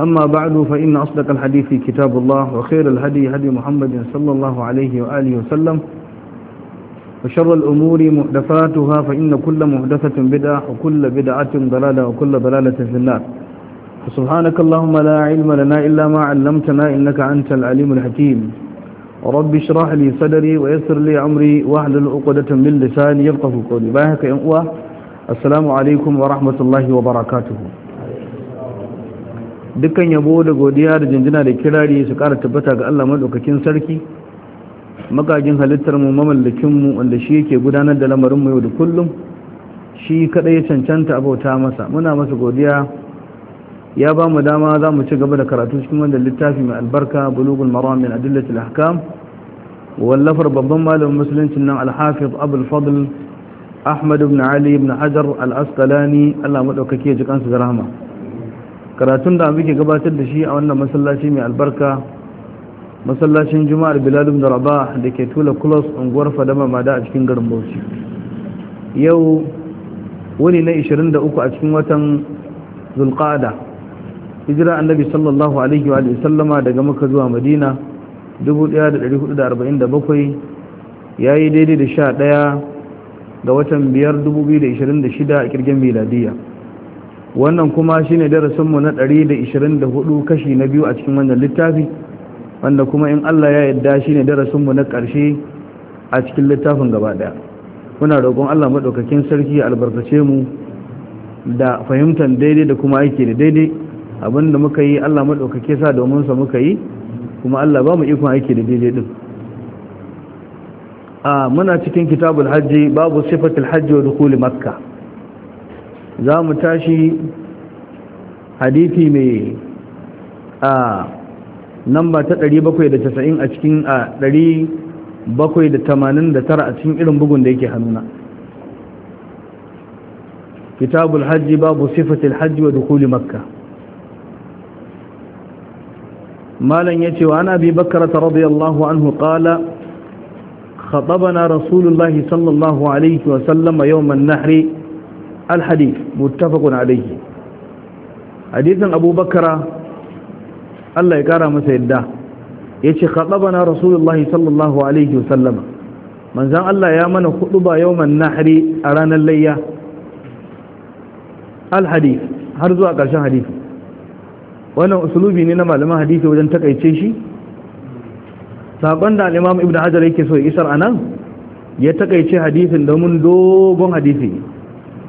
أما بعد فإن أصدق الحديث كتاب الله وخير الهدي هدي محمد صلى الله عليه وآله وسلم وشر الأمور محدثاتها فإن كل محدثة بدعة وكل بدعة ضلالة وكل ضلالة في النار فسبحانك اللهم لا علم لنا إلا ما علمتنا إنك أنت العليم الحكيم رب اشرح لي صدري ويسر لي أمري واحلل العقدة من لساني في قولي يا السلام عليكم ورحمة الله وبركاته dukkan yabo da godiya da jinjina da kirari su kara tabbata ga Allah maɗaukakin sarki makagin halittar mu mamallakin mu wanda shi yake gudanar da lamarin mu yau da kullum shi kadai ya cancanta abauta masa muna masa godiya ya ba mu dama za mu ci gaba da karatu cikin wanda littafi mai albarka bulugul maram min adillatil ahkam wallafar babban malamin musuluncin nan al abul fadl ahmad ibn ali ibn hajar al-asqalani Allah madaukake ya ji kansa da rahama karatun da muke gabatar da shi a wannan masallaci mai albarka masallacin juma'ar bilal da raba da ke tula kulos unguwar fadama mada a cikin garin bauchi yau wani na 23 a cikin watan zulqada hijira annabi sallallahu alaihi wa sallama daga maka zuwa madina 1447 yayi daidai da 11 ga watan 5 2026 a kirgin miladiyya wannan kuma shi shine mu na 124 kashi na biyu a cikin wannan littafi wanda kuma in Allah ya yarda shine mu na ƙarshe a cikin littafin gaba daya muna roƙon Allah maɗaukakin sarki albarkace mu da fahimtar daidai da kuma aiki da daidai abinda muka yi Allah maɗaukake sa domin sa muka yi kuma Allah ba mu ikon aiki da daidai din a muna cikin kitabul hajji babu sifatul hajji wa makka. makkah za mu tashi hadithi mai a namba ta 790 a cikin a 789 a cikin irin bugun da yake hannuna kitabul Alhaji babu sifatil hajji wa dukuli makka malan ce wa ana bi bakrata radiyallahu anhu qala خطبنا رسول الله صلى الله عليه وسلم يوم النحر الحديث متفق عليه حديث أبو بكر الله يكرم سيدا يشي خطبنا رسول الله صلى الله عليه وسلم من زان الله يامن خطبة يوم النحر أرانا الليا الحديث هرزوا أكرشان حديث وانا أسلوبي نما لما حديث وجن تقيتشي شي saƙon da al'imam ibn hajar yake so ya isar a nan ya taƙaice hadisin domin dogon hadisi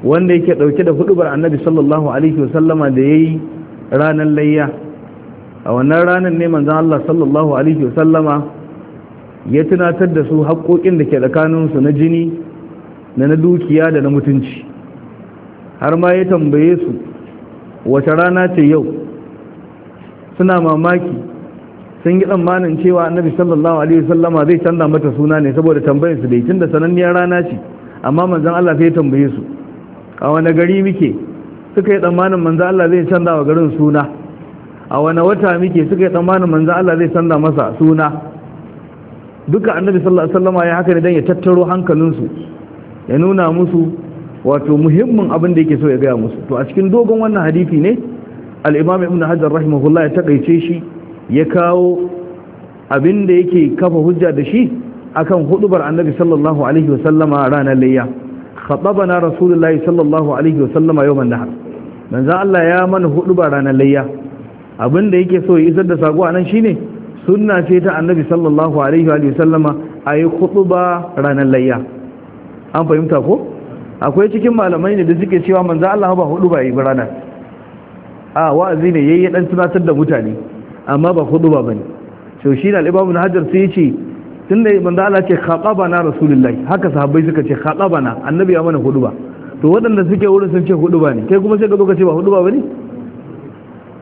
wanda yake dauke da hudubar annabi sallallahu alaihi wasallama da yayi ranar layya a wannan ranar ne manzon Allah sallallahu alaihi wasallama ya tunatar da su haƙoƙin da ke tsakanin su na jini da na dukiya da na mutunci har ma ya tambaye su wace rana ce yau suna mamaki sun yi tsammanin cewa annabi sallallahu alaihi wasallama zai canza mata suna ne saboda tambayar su da tunda sananniyar rana ce amma manzon Allah sai ya tambaye su a wani gari muke suka yi tsammanin manzo Allah zai canza wa garin suna a wani wata muke suka yi tsammanin manzo Allah zai canza masa suna duka annabi sallallahu alaihi wasallam ya haka ne dan ya tattaro hankalinsu ya nuna musu wato muhimmin abin da yake so ya gaya musu to a cikin dogon wannan hadisi ne al-imam ibn hajar rahimahullah ya takaice shi ya kawo abin da yake kafa hujja da shi akan hudubar annabi sallallahu alaihi wasallama ranar layya khatabana rasulullahi sallallahu alaihi wasallama yawman nahar manzo Allah ya mana hudu ba ranar layya abinda yake so ya isar da sako anan shine sunna ce ta annabi sallallahu alaihi wa sallama ayi hudu ba ranar layya an fahimta ko akwai cikin malamai ne da suke cewa manzo Allah ba hudu ba yi barana a wa'azi ne yayi dan tunatar da mutane amma ba hudu ba bane to shi ne al-Imam Hajar sai ya ce tun da manzo Allah ce khatabana rasulullahi haka sahabbai suka ce khatabana annabi ya mana huduba to waɗanda suke wurin sun ce huduba ne kai kuma sai ka ka ce ba huduba bane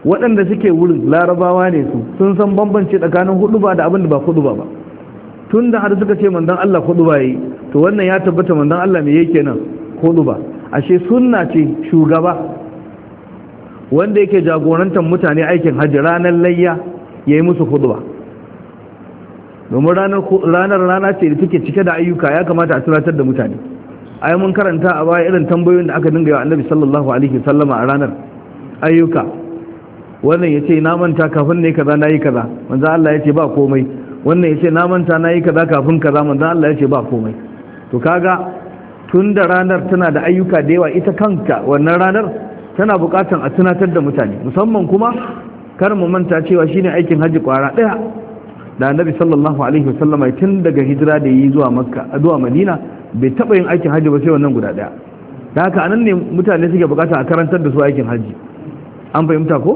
waɗanda suke wurin larabawa ne su sun san bambanci tsakanin huduba da abin da ba huduba ba tun da har suka ce manzon Allah huduba yi to wannan ya tabbata manzon Allah me yake nan huduba ashe sunna ce shugaba wanda yake jagorantar mutane aikin hajji ranar layya ya yi musu huduba domin ranar rana ce da take cike da ayyuka ya kamata a tunatar da mutane ai mun karanta a baya irin tambayoyin da aka dinga yawa annabi sallallahu alaihi wasallama a ranar ayyuka wannan yace na manta kafin ne kaza nayi kaza manzo Allah yace ba komai wannan yace na manta nayi kaza kafin kaza manzo Allah yace ba komai to kaga tun da ranar tana da ayyuka da yawa ita kanka wannan ranar tana bukatan a tunatar da mutane musamman kuma kar mu manta cewa shine aikin haji kwara daya da annabi sallallahu alaihi wasallama tun daga hijira da yi zuwa makka zuwa madina bai taba yin aikin hajji ba sai wannan guda daya da haka anan ne mutane suke bukata a karantar da su aikin hajji an fahimta ko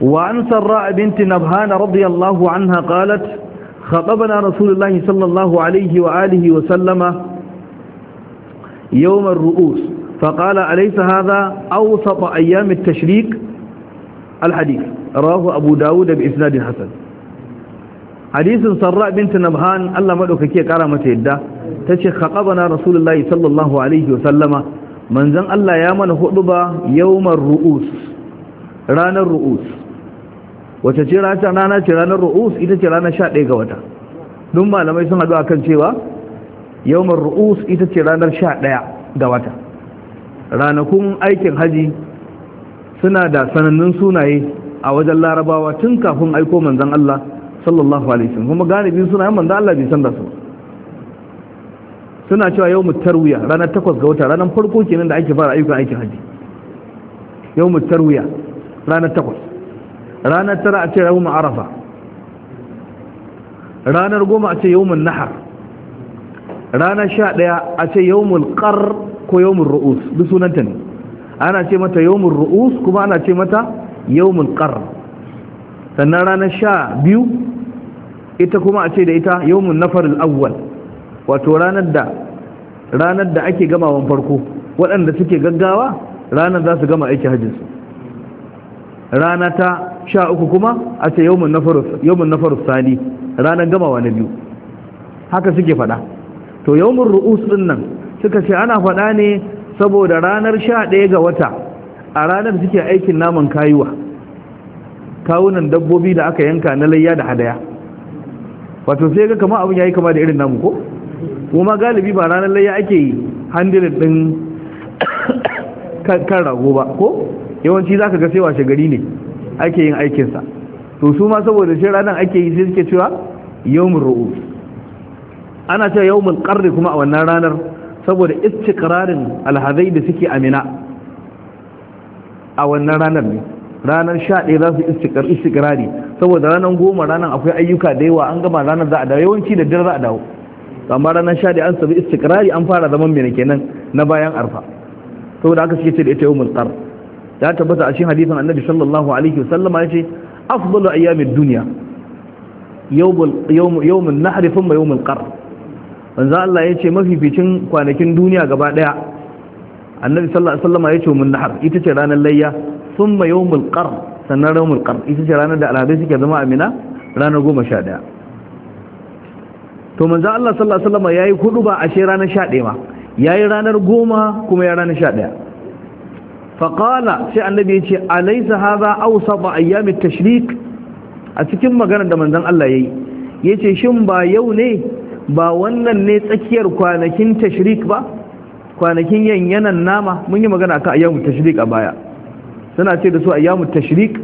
wa an sarra binti nabhan radiyallahu anha qalat khatabana rasulullahi sallallahu alaihi wa alihi wa sallama yawm ar-ru'us فقال أليس هذا أوسط أيام التشريك الحديث رواه أبو داود بإسناد حسن حديث سراء بنت نبهان الله مدوك كي قرامة يدى تشي خطبنا رسول الله صلى الله عليه وسلم من زن الله يامن خطبة يوم الرؤوس ران الرؤوس وتشي رانا ران الرؤوس إذا ترانا شاء ليك وتا دم لما يسمع دعا كان شيوا يوم الرؤوس إذا ترانا شاء ليك ga wata ranakun aikin haji suna da sanannun sunaye a wajen larabawa tun kafin aiko manzan Allah sallallahu alaihi wasallam kuma suna sunayen manzan Allah bai san da su suna cewa yau tarwiya ranar takwas ga wata ranar farko kenan da ake fara ayyukan aikin haji yau tarwiya ranar takwas ranar tara a ce yau arafa ranar goma a ce yau nahar ranar sha ɗaya a ce yau kar ko yau ru'us duk sunanta ne ana ce mata yawmul ru'us kuma ana ce mata yawmul qar sannan ranar sha biyu ita kuma a ce da ita yawmul nafar al-awwal wato ranar da ake gamawan farko waɗanda suke gaggawa ranar za su gama aiki hajjinsu rana ta sha uku kuma a ce yawmul nafar sani ranar gamawa na biyu haka suke faɗa to yawmul ru'us dinnan, suka ce ana faɗa ne saboda ranar sha ɗaya ga wata a ranar suke aikin naman kayuwa kawunan dabbobi da aka yanka na layya da hadaya wato sai ga kama abin ya yi kama da irin namu ko kuma galibi ba ranar layya ake yi handirin ɗin kan rago ba ko yawanci za ka ga sai gari ne ake yin aikinsa to su ma saboda shi ranar ake yi sai suke cewa yawon ru'u ana cewa yawon karni kuma a wannan ranar saboda istikrarin alhazai da suke amina a wannan ranar ne ranar sha ɗaya za su istikrari saboda ranar goma ranar akwai ayyuka da yawa an gama ranar za a dawo yawanci da dare za a dawo amma ranar sha ɗaya an sabi istikrari an fara zaman mai kenan na bayan arfa saboda aka suke ce da ita yau mulkar ya tabbata a cikin hadisin annabi sallallahu alaihi wasallama ya ce afdalu ayyamid dunya yawmul nahri thumma yawmul qar manzo Allah ya ce mafificin kwanakin duniya gaba daya annabi sallallahu alaihi wasallam ya ce mun nahar ita ce ranar layya thumma yawmul qar sannan yawmul qar ita ce ranar da alhadai suke zama amina ranar 11 to manzo Allah sallallahu alaihi wasallam yayi hudu ba ashe ranar 11 ma yayi ranar 10 kuma ya ranar 11 faqala sai annabi ya ce alaysa hadha awsaba ayyam at-tashrik a cikin maganar da manzon Allah yayi yace shin ba yau ne ba wannan ne tsakiyar kwanakin tashrik ba kwanakin yanyanan nama mun yi magana kan ayyamu tashrik a baya suna ce da su ayyamu tashrik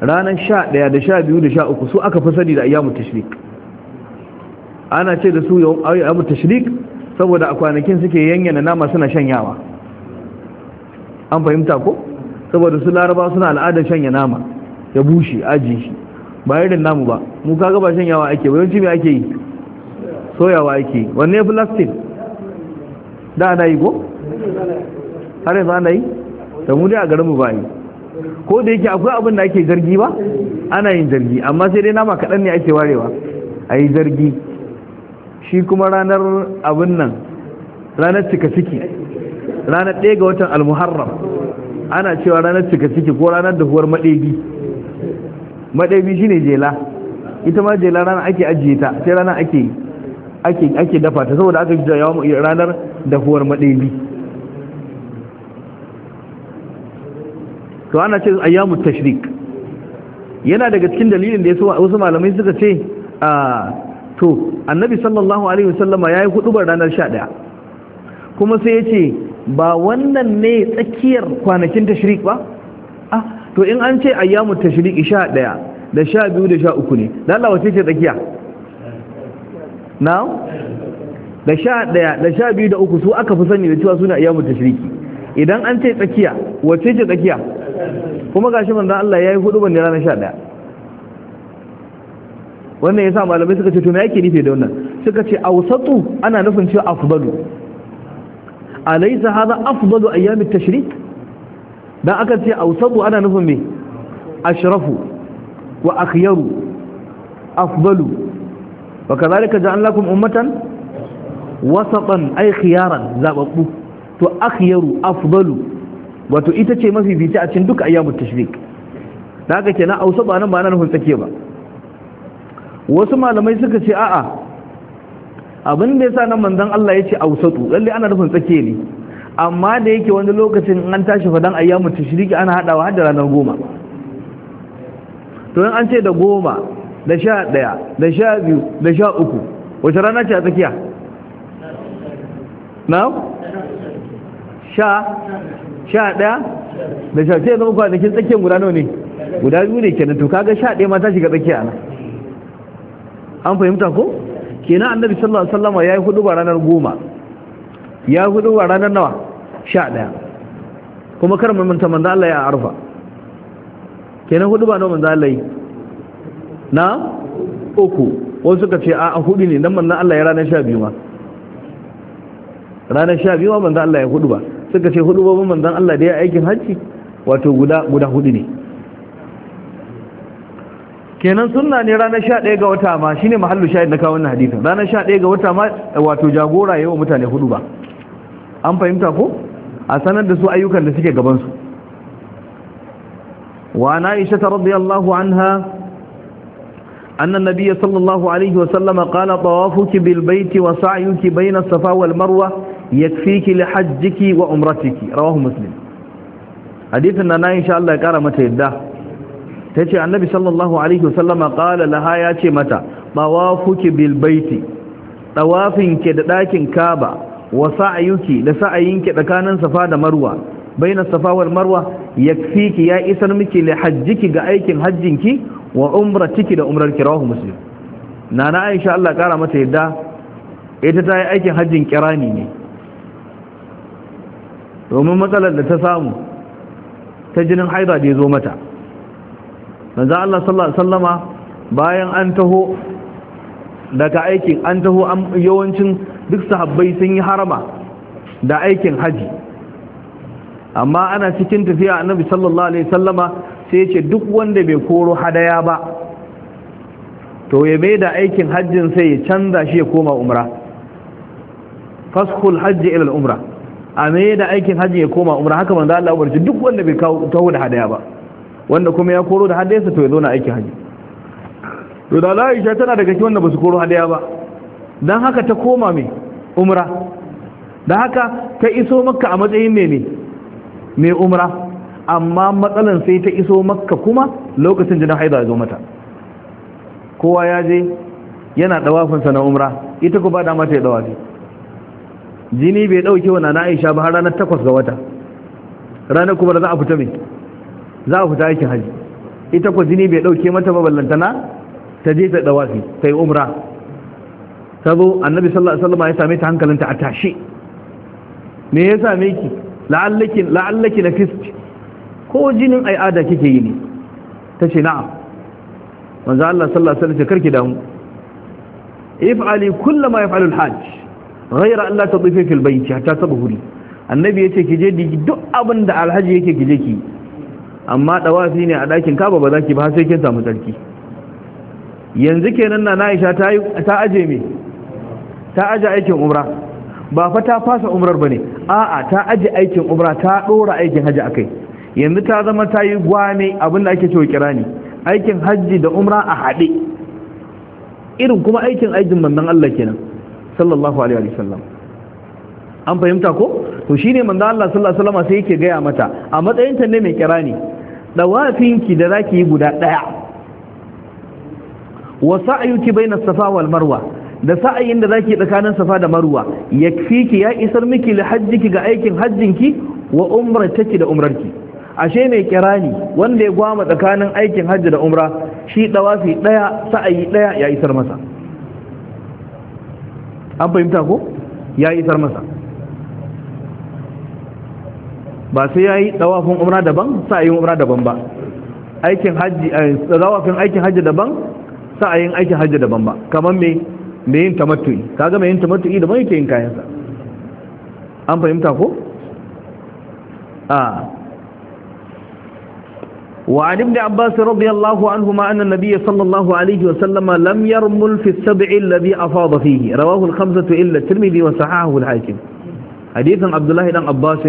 ranar 11 da 12 da 13 su aka fi sani da ayyamu tashrik ana ce da su ayyamu tashrik saboda a kwanakin suke yanyana nama suna shanyawa an fahimta ko saboda su laraba suna al'adar shanya nama ya bushe aji shi ba irin namu ba mu kaga ba shanyawa ake ba yawanci me ake yi soyawa yake wanne ya fi lastin da ana yi go har yanzu ana yi? da mu a garinmu ba yi ko da yake akwai abin da ake zargi ba? ana yin zargi amma sai dai nama kaɗan ne ake warewa a yi zargi shi kuma ranar abin nan ranar cika ciki ranar ɗaya ga watan almuharram ana cewa ranar cika ciki ko ranar dahuwar maɗebi maɗebi shine jela ita ma jela rana ake ajiye ta sai rana ake yi ake dafa ta saboda aka jira yawon ranar dafuwar madeli to ana ce ayyamu tashrik yana daga cikin dalilin da ya wasu malamai suka ce a ah, to annabi sallallahu alaihi wasallama yi hudubar ranar sha ɗaya. kuma sai ya ce ba wannan ne tsakiyar kwanakin tashrik ba ah to in an ce ayyamu tashrik ɗaya da sha biyu da sha uku ne da Allah wace ce tsakiya na da sha daya da sha biyu da uku su aka fi sani da cewa suna iya mutu shiriki idan an ce tsakiya wacce ce tsakiya kuma gashi manzan Allah ya yi hudu ban ranar sha ɗaya wannan ya sa malamai suka ce to me yake nufi da wannan suka ce awsatu ana nufin cewa afdalu alaysa hadha afdalu ayyam at-tashrik dan aka ce awsatu ana nufin me ashrafu wa akhyaru afdalu wa kazalika ja'alnakum ummatan wasatan ay khiyaran zababbu to akhyaru afdalu wato ita ce mafi bici a cikin duka ayyamut tashrik daga kenan ausa ba nan ba nan hulsake ba wasu malamai suka ce a'a abin da yasa nan manzon Allah yace ausatu lalle ana nufin tsake ne amma da yake wani lokacin an tashi fadan ayyamut tashrik ana hadawa har da ranar goma to an ce da goma da sha ɗaya da sha biyu da sha uku wace rana ce a tsakiya na sha sha ɗaya da sha ce zama kwanaki tsakiyar guda nawa ne guda biyu ne kenan to kaga sha ɗaya ma ta shiga tsakiya na an fahimta ko kenan annabi sallallahu alaihi wasallam yayi hudu ba ranar goma ya hudu ba ranar nawa sha ɗaya kuma kar mun manta manzo Allah ya arfa kenan hudu ba nawa manzo Allah yi na uku Wani suka ce a hudu ne don manzon Allah ya ranar sha biyu ma ranar sha biyu ma manzan Allah ya hudu ba suka ce hudu ba manzan Allah da ya aikin hajji wato guda guda hudu ne kenan suna ne ranar sha ɗaya ga wata ma shine mahallu sha na kawo wannan hadita ranar ɗaya ga wata ma wato jagora yayin mutane hudu ba an fahimta ko a sanar da su ayyukan da suke gabansu. wa na ta radiyallahu anha أن النبي صلى الله عليه وسلم قال طوافك بالبيت وسعيك بين الصفا والمروة يكفيك لحجك وعمرتك رواه مسلم حديثنا نا إن شاء الله يقرأ متى يده تيجي النبي صلى الله عليه وسلم قال لها ياتي متى طوافك بالبيت طوافك داكن كعبة وسعيك لسعيك تكانن صفا ومروة بين الصفا والمروة يكفيك يا إسلامك لحجك ga aikin hajjinki wa ciki da umrar kirahu muslim nana aisha Allah kara mata yadda ita ta yi aikin hajjin kirani ne domin matsalar da ta samu ta jinin haida da ya zo mata manzo Allah sallallahu alaihi wasallama bayan an taho daga aikin an taho yawancin duk sahabbai sun yi harama da aikin haji amma ana cikin tafiya annabi sallallahu alaihi wasallama sai ce duk wanda bai koro hadaya ba to ya mai da aikin hajjin sai ya canza shi ya koma umra faskul hajji ila umra a mai da aikin hajji ya koma umra haka manzo Allah ubarci duk wanda bai kawo taho da hadaya ba wanda kuma ya koro da hadayarsa to ya zo na aikin hajji to da Aisha tana daga cikin wanda ba su koro hadaya ba dan haka ta koma mai umra da haka ta iso makka a matsayin mai ne mai umra amma matsalan sai ta iso makka kuma lokacin jinin haida ya zo mata kowa ya je yana dawafinsa na umra ita ku ba dama mata ya dawafi jini bai dauke wa na aisha ba har ranar takwas ga wata ranar kuma da za a fita mai za a fita aikin haji ita ku jini bai dauke mata ba ballantana ta je ta dawafi ta yi umra ta zo annabi sallallahu alaihi wasallam ya same ta hankalinta a tashi me ya same ki la'allaki la'allaki na fiski ko jinin al'ada kike yi ne ta ce na'am manzo Allah sallallahu alaihi wasallam karki damu if'ali kullama yaf'alu al-hajj ghayra an la tadifi fil bayt hatta tabhuri annabi yace kije duk abinda alhaji yake kije ki amma dawafi ne a dakin kaba ba zaki ba sai kin samu tsarki yanzu kenan na Aisha ta ta aje me ta aje aikin umra ba fa ta fasa umrar bane a'a ta aje aikin umra ta dora aikin haji akai yanzu ta zama ta yi gwame abin da ake cewa kirani aikin hajji da umra a haɗe irin kuma aikin aikin manzon Allah kenan sallallahu alaihi sallam an fahimta ko to shine manzon Allah sallallahu alaihi sallam sai yake gaya mata a matsayin ta ne mai kirani dawafinki da zaki yi guda daya wa sa'yuki baina safa wal marwa da sa'ayin da zaki tsakanin safa da marwa yakfiki ya isar miki li hajjiki ga aikin hajjinki wa umrataki da umrarki ashe mai kirani wanda ya gwama tsakanin aikin hajji da umra shi dawafi daya sa'ayi daya ya isar masa an fahimta ko ya isar masa ba sai ya yi dawafin umra daban sa'ayin umra daban ba aikin hajji eh, dawafin aikin hajji daban sa'ayin aikin hajji daban ba kamar me me yin tamattu'i kaga me yin tamattu'i daban yake yin kayansa an fahimta ko a ah. وعن ابن عباس رضي الله عنهما أن النبي صلى الله عليه وسلم لم يرمل في السبع الذي أفاض فيه رواه الخمسة إلا الترمذي وصححه الحاكم حديث عبد الله بن عباس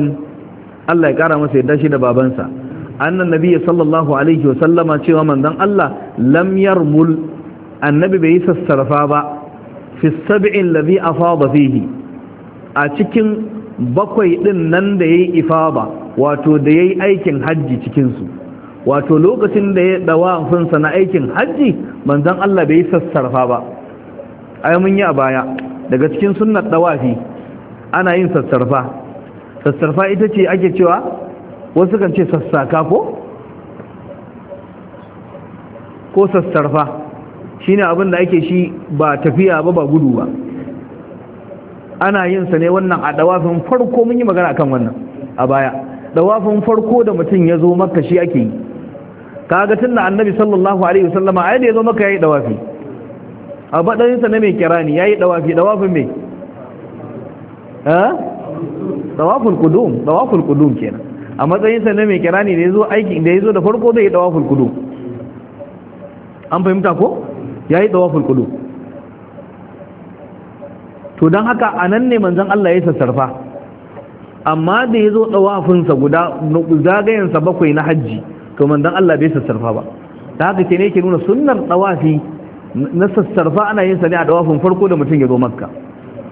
الله يكرمه سيدنا شيخ بابنسا أن النبي صلى الله عليه وسلم cewa manzon Allah lam yarmul annabi bai sassarfa ba fi sab'in ladhi afada fihi a cikin bakwai din nan da yayi ifaba wato da yayi aikin haji cikin su wato lokacin da ya dawa funsa na aikin hajji manzon Allah bai sassarfa ba ai mun yi a baya daga cikin sunnar dawafi ana yin sassarfa sassarfa ita ce ake cewa wasu kan ce sassaka ko ko sassarfa shine abin da ake shi ba tafiya ba ba gudu ba ana yin sa ne wannan a dawafin farko mun yi magana akan wannan a baya dawafin farko da mutum ya zo maka shi ake yi kaga da annabi sallallahu alaihi a yadda ya zo maka ya yi dawafi a badarin na mai kirani yi dawafi dawafin me dawafin dawaful dawafin dawaful ke kenan a matsayinsa na mai kirani da ya zo aiki da ya zo da farko zai dawafin qudum an fahimta ko Ya yi dawafin qudum to don haka a nan ne manzan Allah ya sassarfa amma da ya zo dawafinsa guda zagayensa bakwai na hajji. to manzon Allah bai sassarfa ba ta haka ke ne yake nuna sunnar tawafi na sassarfa ana yin sa ne a tawafin farko da mutum ya zo makka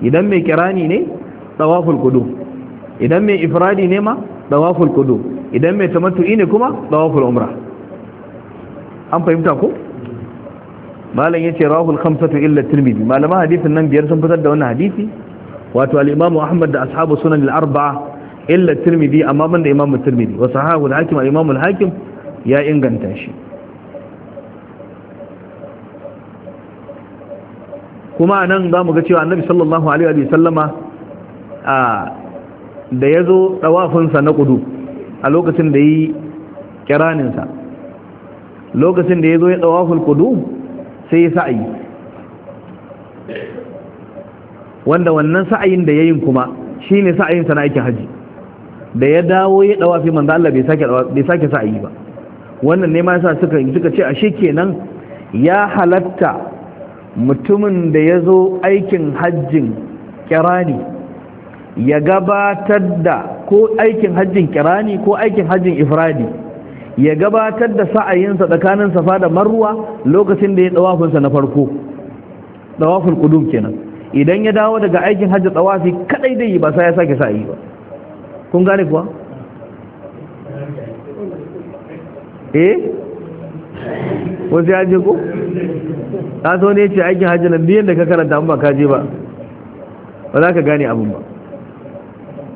idan mai kirani ne tawaful kudu idan mai ifradi ne ma tawaful kudu idan mai tamattu'i ne kuma tawaful umra an fahimta ko malam yace rahul khamsatu illa tirmidhi malama hadisin nan biyar sun fitar da wannan hadisi wato al-imamu ahmad da ashabu sunan al-arba'a illa tirmidhi amma ban da imamu tirmidhi wa sahahu al-hakim wa imamu al-hakim ya inganta shi kuma nan za mu ga cewa annabi sallallahu alaihi wa sallama a da ya zo ɗawafinsa na kudu a lokacin da yi kiraninsa lokacin da ya zo ya ɗawafin kudu sai ya sa'ayi wanda wannan sa'ayin da ya yin kuma shi ne sa'ayinsa na aikin hajji da ya dawo ya dawa fi manzo Allah bai sake bai sake sa yi ba wannan ne ma yasa suka suka ce ashe kenan ya halatta mutumin da ya zo aikin hajjin kirani ya gabatar da ko aikin hajjin kirani ko aikin hajjin ifradi ya gabatar da sa'ayinsa tsakanin safa da marwa lokacin da ya dawafinsa na farko dawafin kudum kenan idan ya dawo daga aikin hajji tsawafi kadai dai ba sai ya sake sa'ayi ba kun gane kuwa eh wasu ya je ko ta so ne ce aikin hajji nan biyan da ka karanta amma ka je ba ba za ka gane abin ba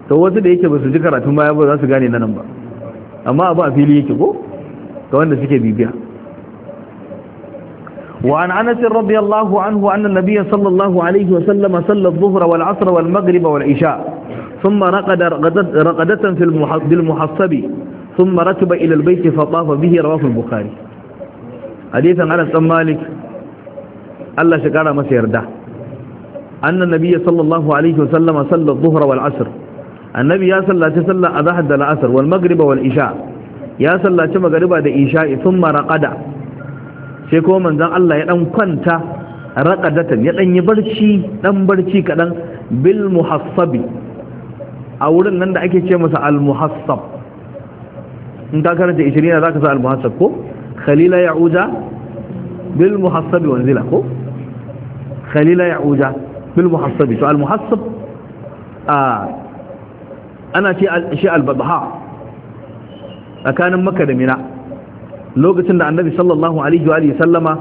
to wasu da yake ba su ji karatun baya ba za su gane nan ba amma abu a fili yake ko ga wanda suke bibiya وعن انس رضي الله عنه أن النبي صلى الله عليه وسلم صلى الظهر والعصر والمغرب والعشاء ثم رقد رقدة في بالمحصب ثم ركب إلى البيت فطاف به رواه البخاري حديثا على بن مالك الله شكرا ما سيرده أن النبي صلى الله عليه وسلم صلى الظهر والعصر النبي الله عليه تسلى أضحد العصر والمغرب والإشاء يا صلى تمغرب دا إشاء ثم رقد سيكو من ذا الله يدن كنت رقدة يدن يبرشي دن برشي كدن بالمحصبي a wurin nan da ake ce masa al-muhassab in ka karanta 20 za ka sa al-muhassab ko khalila ya'uja bil muhassabi wanzila ko khalila ya'uja bil muhassabi to al-muhassab a ana ce shi al babha tsakanin makka da mina lokacin da annabi sallallahu alaihi wa sallama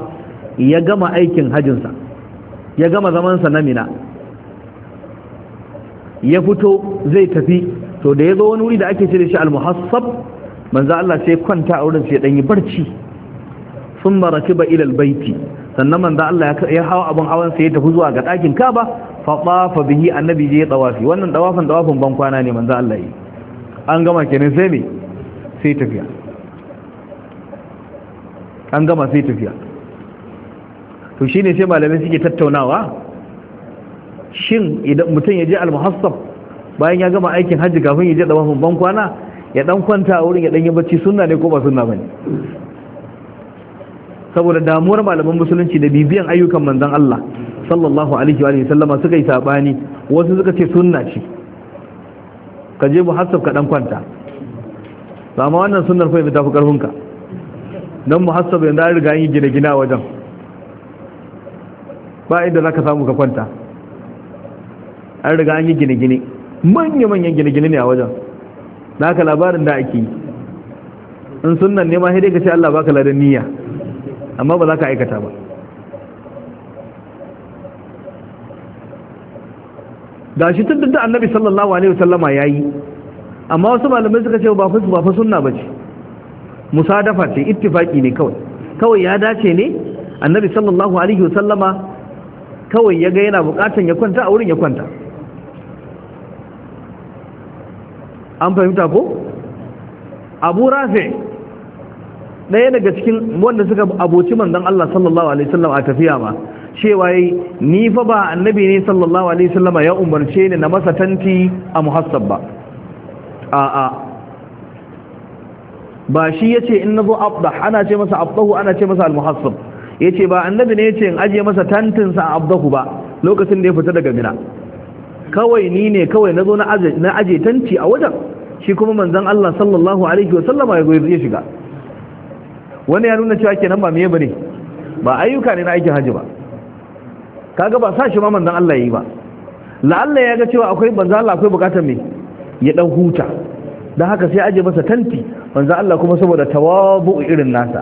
ya gama aikin hajjinsa ya gama zamansa na mina ya fito zai tafi to da ya zo wani wuri da ake cire shi al-muhassab manzo Allah sai kwanta a wurin sai dan yi barci sun marakiba ila al-baiti sannan manzo Allah ya hawa abun hawan sai ya tafi zuwa ga ɗakin Kaaba fa tafa bihi annabi je tawafi wannan tawafin tawafin ban kwana ne manzo Allah yi an gama kenan sai me sai tafiya an gama sai tafiya to shine sai malamai suke tattaunawa shin idan mutum ya je almuhassab bayan ya gama aikin hajji kafin ya je dawafin ban kwana ya dan kwanta a wurin ya dan yi bacci sunna ne ko ba sunna bane saboda damuwar malaman musulunci da bibiyan ayyukan manzon Allah sallallahu alaihi wa sallama suka yi sabani wasu suka ce sunna ce ka je muhassab ka dan kwanta amma wannan sunnar fa ta fi karfin ka dan muhassab yanzu an riga yin gine-gine wajen ba inda zaka samu ka kwanta an riga an yi gine-gine manya-manyan gine-gine ne a wajen da ka labarin da ake yi in sunan nema sai dai ka ce Allah baka ladan niyya amma ba za ka aikata ba ga shi tun da annabi sallallahu alaihi wasallama ya yi amma wasu malamai suka ce ba ba fa sunna ba ce musadafa ce ittifaki ne kawai kawai ya dace ne annabi sallallahu alaihi wasallama kawai ya ga yana bukatan ya kwanta a wurin ya kwanta an fahimta ko abu rafi ɗaya daga cikin wanda suka aboci manzon Allah sallallahu alaihi wasallam a tafiya ba cewa ni fa ba annabi ne sallallahu alaihi wasallama ya umarce ni na masa tanti a muhassab ba a a ba shi yace in nazo abdah ana ce masa abdahu ana ce masa al-muhassab yace ba annabi ne yace in aje masa tantin sa abdahu ba lokacin da ya fita daga mina kawai ni ne kawai na zo na aje tanci a wajen shi kuma manzan Allah sallallahu alaihi wasallama ya goyi shiga wani ya nuna cewa kenan ba meye bane ba ayyuka ne na aikin haji ba kaga ba sa shi ma manzan Allah yi ba la'alla ya ga cewa akwai manzan Allah akwai bukatar me ya dan huta dan haka sai aje masa tanti manzan Allah kuma saboda tawabu irin nasa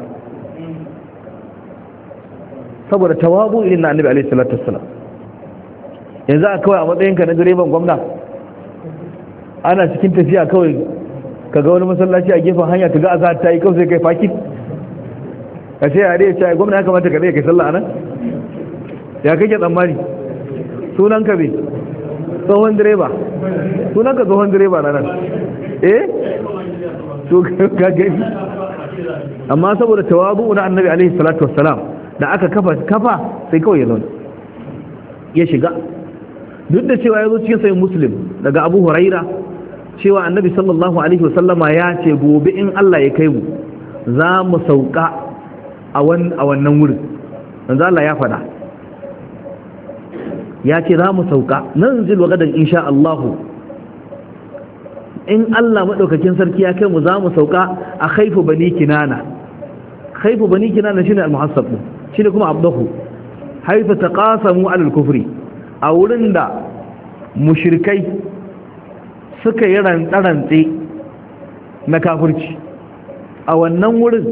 saboda tawabu irin na annabi alaihi salatu wassalam yanzu a kawai a matsayinka na direban gwamna ana cikin tafiya kawai ka ga wani masallaci a gefen hanya ta ga azahar ta yi kawai sai kai faki ka ce a daya cewa gwamna ya kamata ka dai kai sallah anan ya kake tsammani sunan ka bai tsohon direba sunan ka tsohon direba na nan eh to ka gani amma saboda tawabu na annabi alaihi salatu wassalam da aka kafa kafa sai kawai ya zo ya shiga duk da cewa ya zo cikin sayin muslim daga abu huraira cewa annabi sallallahu alaihi wasallama ya ce gobe in allah ya kai mu za mu sauka a wannan wurin yanzu allah ya faɗa ya ce za mu sauka nan zil wagadan insha allahu in allah maɗaukakin sarki ya kai mu za mu sauka a haifu bani kinana haifu bani kinana shine al-muhassab shine kuma abdahu haifu taqasamu alal kufri a wurin da mushirkai suka yi rantsarantse na kafirci a wannan wurin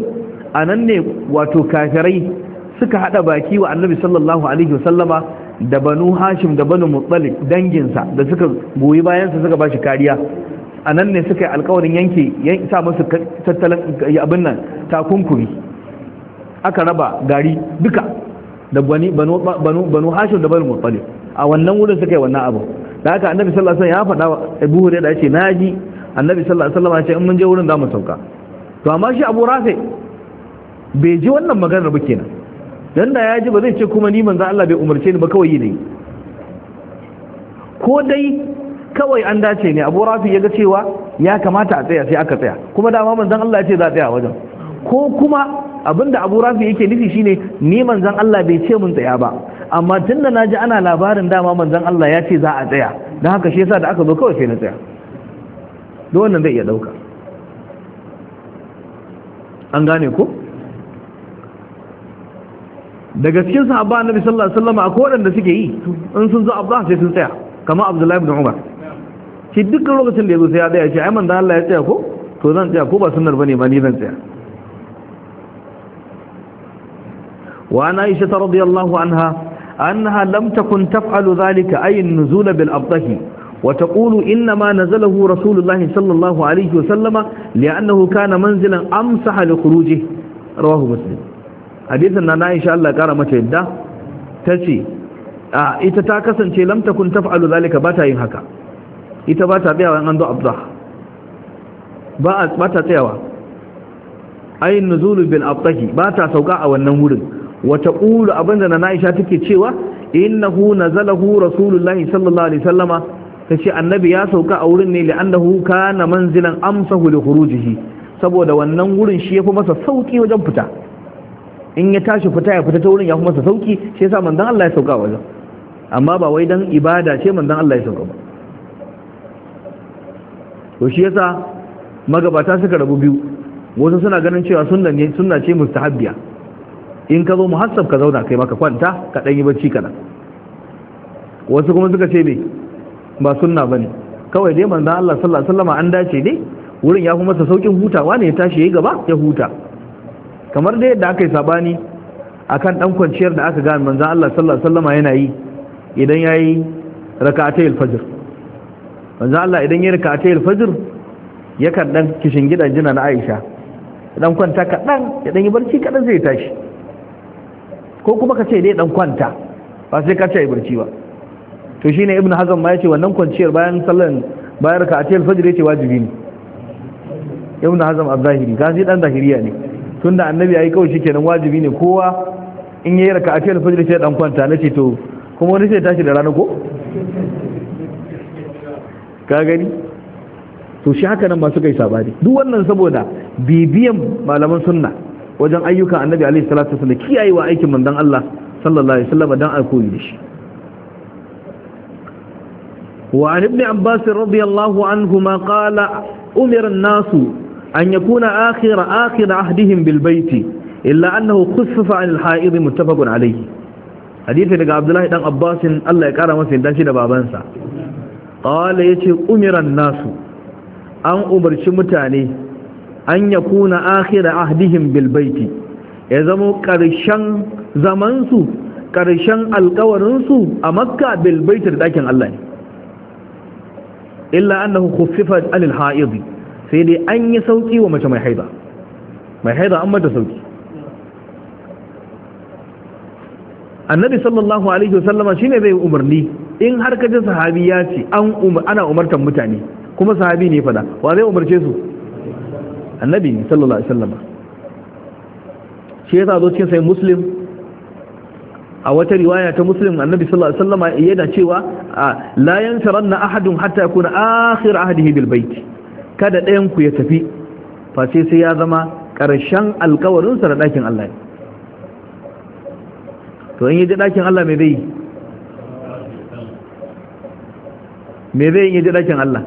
a nan ne wato kafirai suka hada baki wa annabi sallallahu alaihi wasallama da banu hashim da banu mutsalik danginsa da suka goyi bayansa suka ba shi kariya a nan ne suka yi alkawarin yanke sa masu tattalin abin nan takunkuri aka raba gari duka da banu hashim da banu mutsalik a wannan wurin suka yi wannan abu da haka annabi sallallahu alaihi wasallam ya faɗa Abu Hurairah yace naji annabi sallallahu alaihi wasallam ya ce in mun je wurin zamu sauka to amma shi Abu Rafi bai ji wannan maganar ba kenan dan da ya ji ba zai ce kuma ni manzo Allah bai umarce ni ba kawai ne ko dai kawai an dace ne Abu Rafi ya ga cewa ya kamata a tsaya sai aka tsaya kuma dama manzo Allah ya ce za a tsaya wajen ko kuma abinda Abu Rafi yake nufi shine ni manzon Allah bai ce mun tsaya ba amma tun da na ji ana labarin dama manzan Allah ya ce za a tsaya don haka shi yasa da aka zo kawai sai na tsaya don wannan zai iya ɗauka an gane ko daga cikin sahaba annabi sallallahu alaihi wasallam akwai waɗanda suke yi in sun zo abba sai sun tsaya kamar abdullahi ibn umar shi dukkan lokacin da ya zo sai ya tsaya shi ai manzan Allah ya tsaya ko to zan tsaya ko ba sunnar bane ba ni zan tsaya وعن عائشة رضي الله عنها أنها لم تكن تفعل ذلك أي النزول بالأبطه وتقول إنما نزله رسول الله صلى الله عليه وسلم لأنه كان منزلا أمسح لخروجه رواه مسلم حديثنا نائشة الله كرمة يبدا تشي ita ta kasance lam takun taf'alu zalika bata yin haka ita bata biya an ando abdah ba bata tsayawa ayin nuzulu bil abtahi bata sauka a wannan wurin wata ƙulu abinda na na'isha take cewa innahu nazalahu rasulullahi sallallahu alaihi sallama ta ce annabi ya sauka a wurin ne li'annahu kana manzilan amsa li khurujihi saboda wannan wurin shi ya fi masa sauki wajen fita in ya tashi fita ya fita ta wurin ya fi masa sauki shi yasa manzon Allah ya sauka wajen amma ba wai dan ibada ce manzon Allah ya sauka ba to shi yasa magabata suka rabu biyu wasu suna ganin cewa sunna ne sunna ce mustahabbiya in ka zo muhassab ka zauna kai maka kwanta ka ɗanyi bacci kaɗan wasu kuma suka ce ne ba sunna ba ne kawai dai manzan Allah sallallahu alaihi wasallam an dace ne wurin ya fi masa saukin hutawa ne ya tashi yayi gaba ya huta kamar dai yadda aka yi sabani akan dan kwanciyar da aka gane manzan Allah sallallahu alaihi wasallam yana yi idan yayi rak'atay al-fajr manzan Allah idan yayi rak'atay al-fajr yakan dan kishin gidan jina na Aisha dan kwanta kadan ya dan yi barci kadan zai tashi ko kuma ka ce dai dan kwanta ba sai ka ce barci ba to shine ibnu hazan ma yace wannan kwanciyar bayan sallan bayan ka atiyar fajr yace wajibi ne ibnu hazan az-zahiri ka dan zahiriya ne tunda annabi yayi kawai shikenan wajibi ne kowa in yayi raka atiyar fajr sai dan kwanta nace to kuma wani sai tashi da rana ko ka gani to shi haka nan ba su kai sabani duk wannan saboda bibiyan malaman sunna wajen ayyukan annabi alaihi salatu wasallam wa aikin manzon Allah sallallahu alaihi wasallam dan a koyi da shi wa an ibn abbas radiyallahu anhuma qala umira an-nasu an yakuna akhir akhir ahdihim bil baiti illa annahu khuffafa an al-ha'id muttafaqun alayhi hadisi daga abdullahi dan abbas Allah ya kara masa dan shi da babansa qala yace umira an-nasu an umarci mutane an ya kuna akhira ahdihim bil ya zamo ƙarshen zamansu ƙarshen alkawarinsu a makka bil baiti da ɗakin Allah ne illa annahu khuffifat anil ha'id sai dai an yi sauki wa mace mai haida mai haida an mata sauki annabi sallallahu alaihi wasallama shine zai umarni in har kaje sahabi ya ce an ana umartan mutane kuma sahabi ne fada wa zai umarce su annabi sallallahu alaihi wasallam shi yasa zo cikin sai muslim a wata riwaya ta muslim annabi sallallahu alaihi wasallam yana cewa la yansaranna ahadun hatta yakuna akhir ahadihi bil bait kada ɗayan ku ya tafi fa sai sai ya zama karshen alkawarin sa da dakin Allah to in yaje dakin Allah me zai me zai yi yaje dakin Allah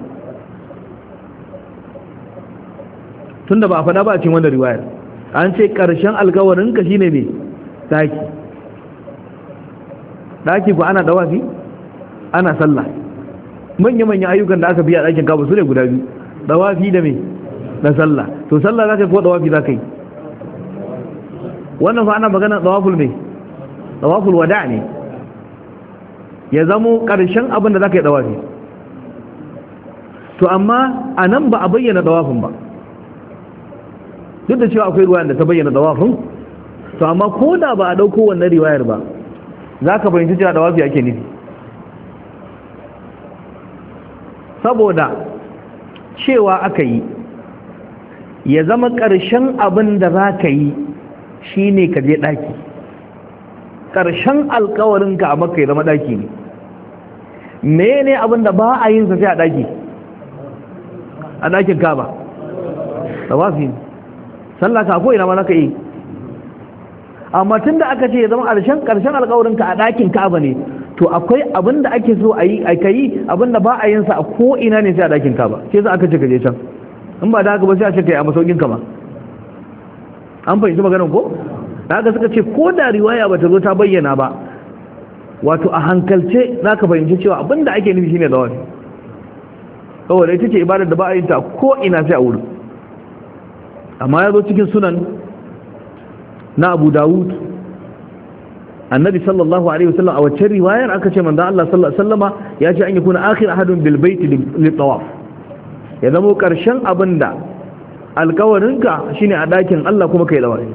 tunda ba a faɗa ba a cikin wannan riwayar an ce ƙarshen alkawarin ka shine me daki daki ku ana dawafi ana sallah manya manya ayyukan da aka biya dakin kaba su ne guda biyu dawafi da me da sallah to sallah zaka ko dawafi zaka yi wannan fa ana magana dawaful me dawaful wada' ne ya zamo ƙarshen abin da zaka yi dawafi to amma anan ba a bayyana dawafin ba duk da cewa akwai ruwayar da ta bayyana dawafin to amma ko da ba a ɗauko wannan riwayar ba za ka fahimci cewa dawafi ake nufi saboda cewa aka yi ya zama ƙarshen abin da za ka yi shi ne ka je ɗaki ƙarshen alkawarinka a maka ya zama ɗaki ne Me ne abin da ba a yin sa sai a ɗaki a ɗakin ba da wafi ne sallah ka ko ina ma zaka yi amma tunda aka ce ya zama ƙarshen karshen alƙawarin ka a ɗakin Ka'aba ne to akwai abin da ake so a yi a kai abin da ba a yin sa a ko ina ne sai a ɗakin Ka'aba ke za aka ce ka je can in ba da haka ba sai a ce kai a masaukin ka ma an fahimci maganar ko da haka suka ce ko da riwaya ba ta zo ta bayyana ba wato a hankalce za ka fahimci cewa abin da ake nufi shine zawafi saboda ita ce ibadar da ba a yin ta ko ina sai a wurin amma ya zo cikin sunan na abu dawud annabi sallallahu alaihi wasallam a wacce riwayar aka ce manzo Allah sallallahu alaihi wasallama ya ce an yakuna akhir ahadun bil bait li tawaf ya zama karshen abinda alkawarinka shine a dakin Allah kuma kai lawari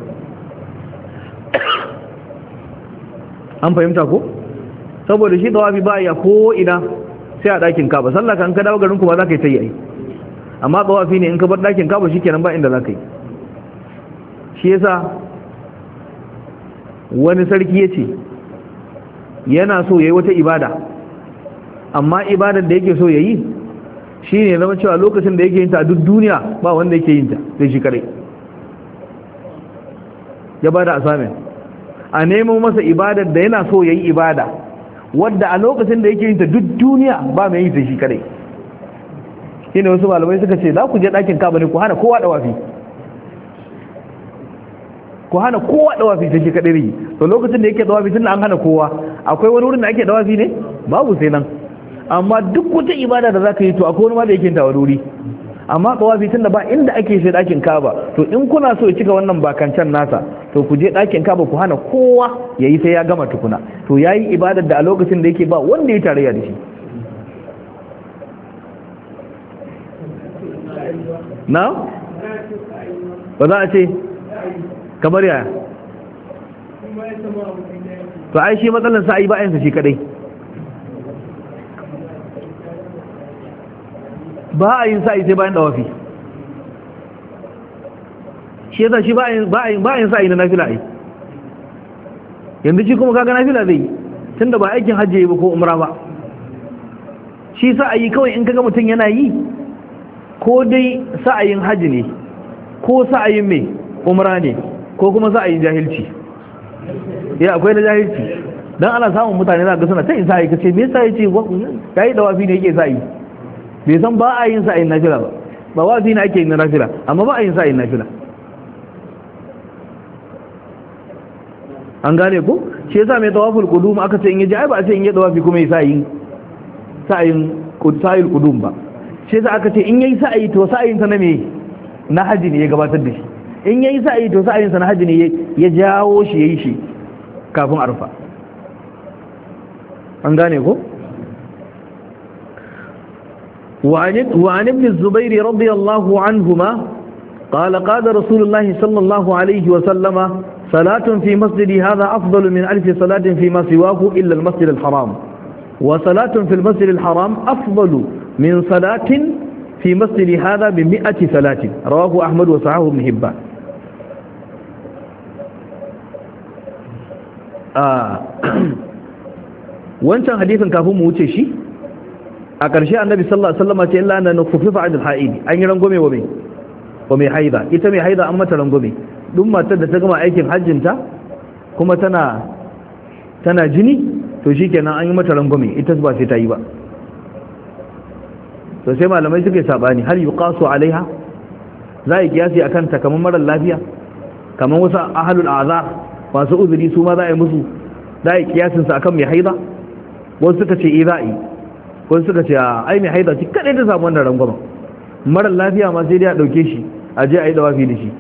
an fahimta ko saboda shi tawafi ba ya ko ina sai a dakin ka ba sallaka an ka dawo garin ku ba za ka yi tayi amma tawafi ne in ka bar dakin ka ba shikenan ba inda za ka yi shi yasa wani sarki ya ce yana so ya yi wata ibada amma ibadar da yake so ya yi shi ne zama cewa lokacin da yake yinta a duk duniya ba wanda yake yinta zai shi kare ya bada asamin a nemo masa ibadar da yana so ya yi ibada wadda a lokacin da yake yinta duk duniya ba mai yi ta shi kare shi ne wasu malamai suka ce za ku je ɗakin kaba ne ku hana kowa da wafi ku hana kowa dawafi sai shi kadai ne to lokacin da yake dawafi tunda an hana kowa akwai wani wurin da ake dawafi ne babu sai nan amma duk wata ibada da zaka yi to akwai wani ma da yake ta wuri amma dawafi tunda ba inda ake sai dakin Kaaba to in kuna so ya cika wannan bakancan nasa to ku je dakin kaba ku hana kowa yayi sai ya gama tukuna to yayi ibada da a lokacin da yake ba wanda ya tarayya da shi na ba za a ce kamar ya to ai shi matsalar sa yi bayansa shi kadai ba a yin sa'i sai bayan dawafi shi yasa shi ba a yin sa'i na nafila ai yanzu shi kuma kaga nafila zai tunda ba aikin hajji ba ko umra ba shi yi kawai in kaga mutum yana yi ko dai sa'ayin hajji ne ko sa'ayin mai umra ne ko kuma za a yi jahilci ya eh, akwai na jahilci don ana samun mutane za a ga na ta yi sa'ayi yi ce me yasa ce ya yi dawafi ne yake sa'ayi bai san ba a yin na nafila ba ba wafi ne ake yin nafila amma ba a yin na nafila an gane ko shi sa mai tawaful kudum aka ce in yaji ai ba a ce in yi dawafi kuma yi sa'ayin sa'in sa'il ba shi sa aka ce in yi sa'ayi to sa'ayin ta na me na haji ne ya gabatar da shi in yayi sa'i to sa'in sa na hajji ne ya jawo shi yayi shi kafin arfa an gane ko wa an ibn zubair radiyallahu anhuma qala qala rasulullahi sallallahu alayhi wa sallama salatun fi masjidi hadha min alf salatin fi ma siwahu illa al haram wa min salatin في مسجد هذا بمئة ثلاث رواه أحمد وصحاه ابن هبان wancan hadisin kafin mu wuce shi a ƙarshe annabi sallallahu alaihi wasallam ce lana haid an yi rangume wa mai wa mai haida ita mai haida an mata rangume duk matar da ta gama aikin hajjinta kuma tana tana jini to shikenan an yi mata rangume ita ba sai ta yi ba to sai malamai suke sabani har yuqasu alaiha za a yi kiyasi akan ta kamar marar lafiya kamar wasu ahlul azar masu uzuri su ma za a yi musu za a yi kiyasinsa akan mai haida wasu suka ce iza'i eh, wasu suka ce ai mai haida ci kadai ta samu wannan rangwama marar lafiya ma sai dai a dauke shi a je a yi dawafi da shi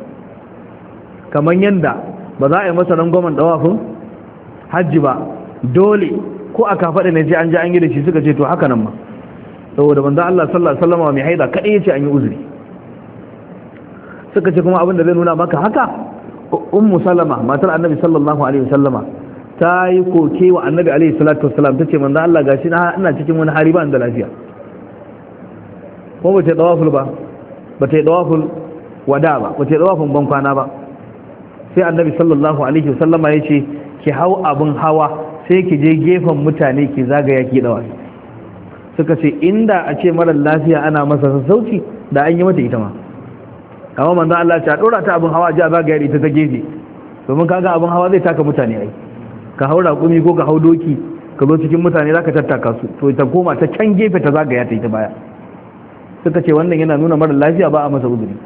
kamar yadda ba za a yi masa rangwaman dawafin hajji ba dole ko a kafaɗa ne sai an ji an yi da shi suka ce to haka nan ma saboda manzo Allah sallallahu alaihi wasallam mai haida kadai ya ce an yi uzuri suka ce kuma abin da zai nuna maka haka ummu salama matar annabi sallallahu alaihi wasallama ta yi koke wa annabi alaihi salatu wasallam ta ce manzo Allah gashi na ina cikin wani hali ba da lafiya ko ba ta dawaful ba ba ta dawaful wada ba ba ta dawaful ban kwana ba sai annabi sallallahu alaihi wasallama ya ce ki hau abun hawa sai ki je gefen mutane ki zagaya ki dawa suka ce inda a ce marar lafiya ana masa sassauci da an yi mata ita ma amma manzo Allah ya dora ta abin hawa ja zagayar ita ta gefe domin kaga abin hawa zai taka mutane ai ka hau raƙumi ko ka hau doki ka zo cikin mutane zaka tattaka su to ta koma ta can gefe ta zagaya ta ita baya suka ce wannan yana nuna mara lafiya ba a masa uzuri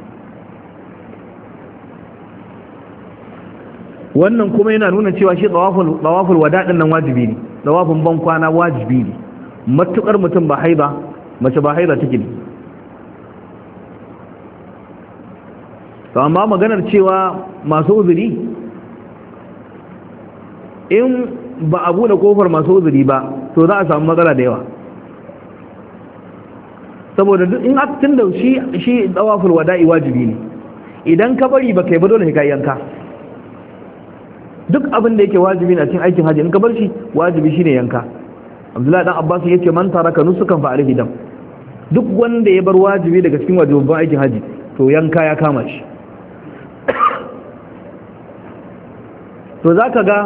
wannan kuma yana nuna cewa shi tsawaful wadaɗin nan wajibi ne tsawafin ban kwana wajibi ne matuƙar mutum ba haiba mace ba haiba take ne to amma maganar cewa masu uzuri in ba a buɗe kofar masu uzuri ba to za a samu matsala da yawa saboda in aktin da shi shi dawaful wada'i wajibi ne idan ka bari ba kai ba dole ka yanka duk abin da yake wajibi ne a cikin aikin haji in ka bar shi wajibi shine yanka Abdullahi dan Abbas yace man taraka nusukan fa alaihi dam duk wanda ya bar wajibi daga cikin wajibin aikin haji to yanka ya kama shi to za ka ga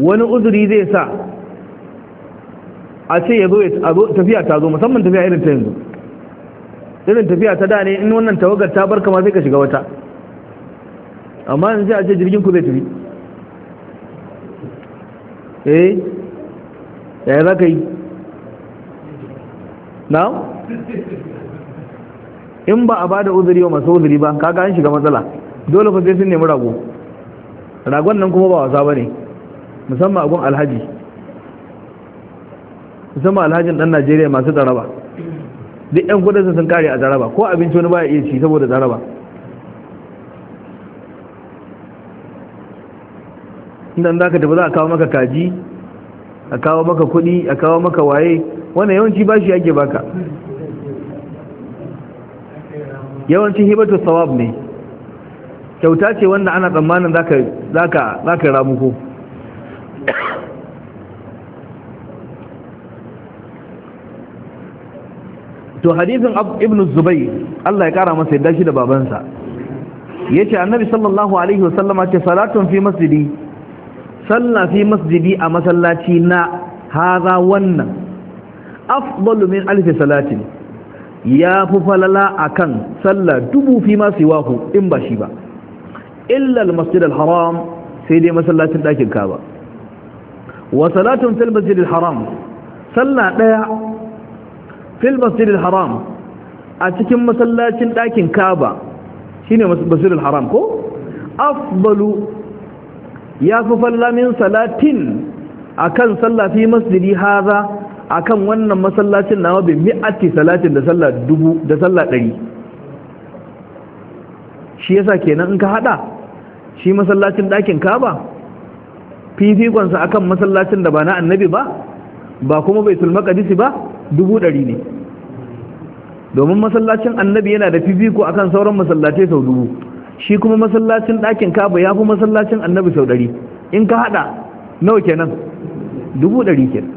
wani uzuri zai sa a ce ya zo tafiya ta zo musamman tafiya irin ta yanzu irin tafiya ta da ne in wannan tawagar ta bar kama sai ka shiga wata amma yanzu a ce jirgin ku zai tafi eh yaya za ka yi na in ba a ba da uzuri wa masu uzuri ba kaga an shiga matsala dole fa sai sun nemi rago ragon nan kuma ba wasa bane musamman agun alhaji musamman alhajin dan Najeriya masu tsaraba duk yan kudin sun kare a tsaraba ko abinci wani baya iya ci saboda tsaraba idan za ka tafi za a kawo maka kaji a kawo maka kudi a kawo maka waye wannan yawanci bashi yake baka yawanci hibatu sawab ne kyauta ce wanda ana tsammanin za ka ramu ko to hadisin ibn zubai Allah ya kara masa yadda shi da babansa ya ce annabi sallallahu alaihi wasallama ce salatun fi masjidi salla fi masjidi a masallaci na haza wannan afdalu min alfi salatin ya fi falala akan salla dubu fi masu wahu in ba shi ba illa al-masjid al-haram sai dai masallacin ɗakin kaba wa salatun fil masjid al-haram salla daya fil masjid al-haram a cikin masallacin ɗakin kaba shine masjid al-haram ko afdalu ya fi falla min salatin akan salla fi masjidi hadha akan wannan masallacin nawa bi mi'ati salatin da sallah dubu da sallah ɗari, shi yasa kenan in ka hada shi masallacin ɗakin kaba fifikonsa akan masallacin da ba na annabi ba ba kuma baitul maqdisi ba dubu ɗari ne domin masallacin annabi yana da fifiko akan sauran masallace sau dubu shi kuma masallacin ɗakin kaba ya fi masallacin annabi sau ɗari in ka haɗa nawa kenan dubu ɗari kenan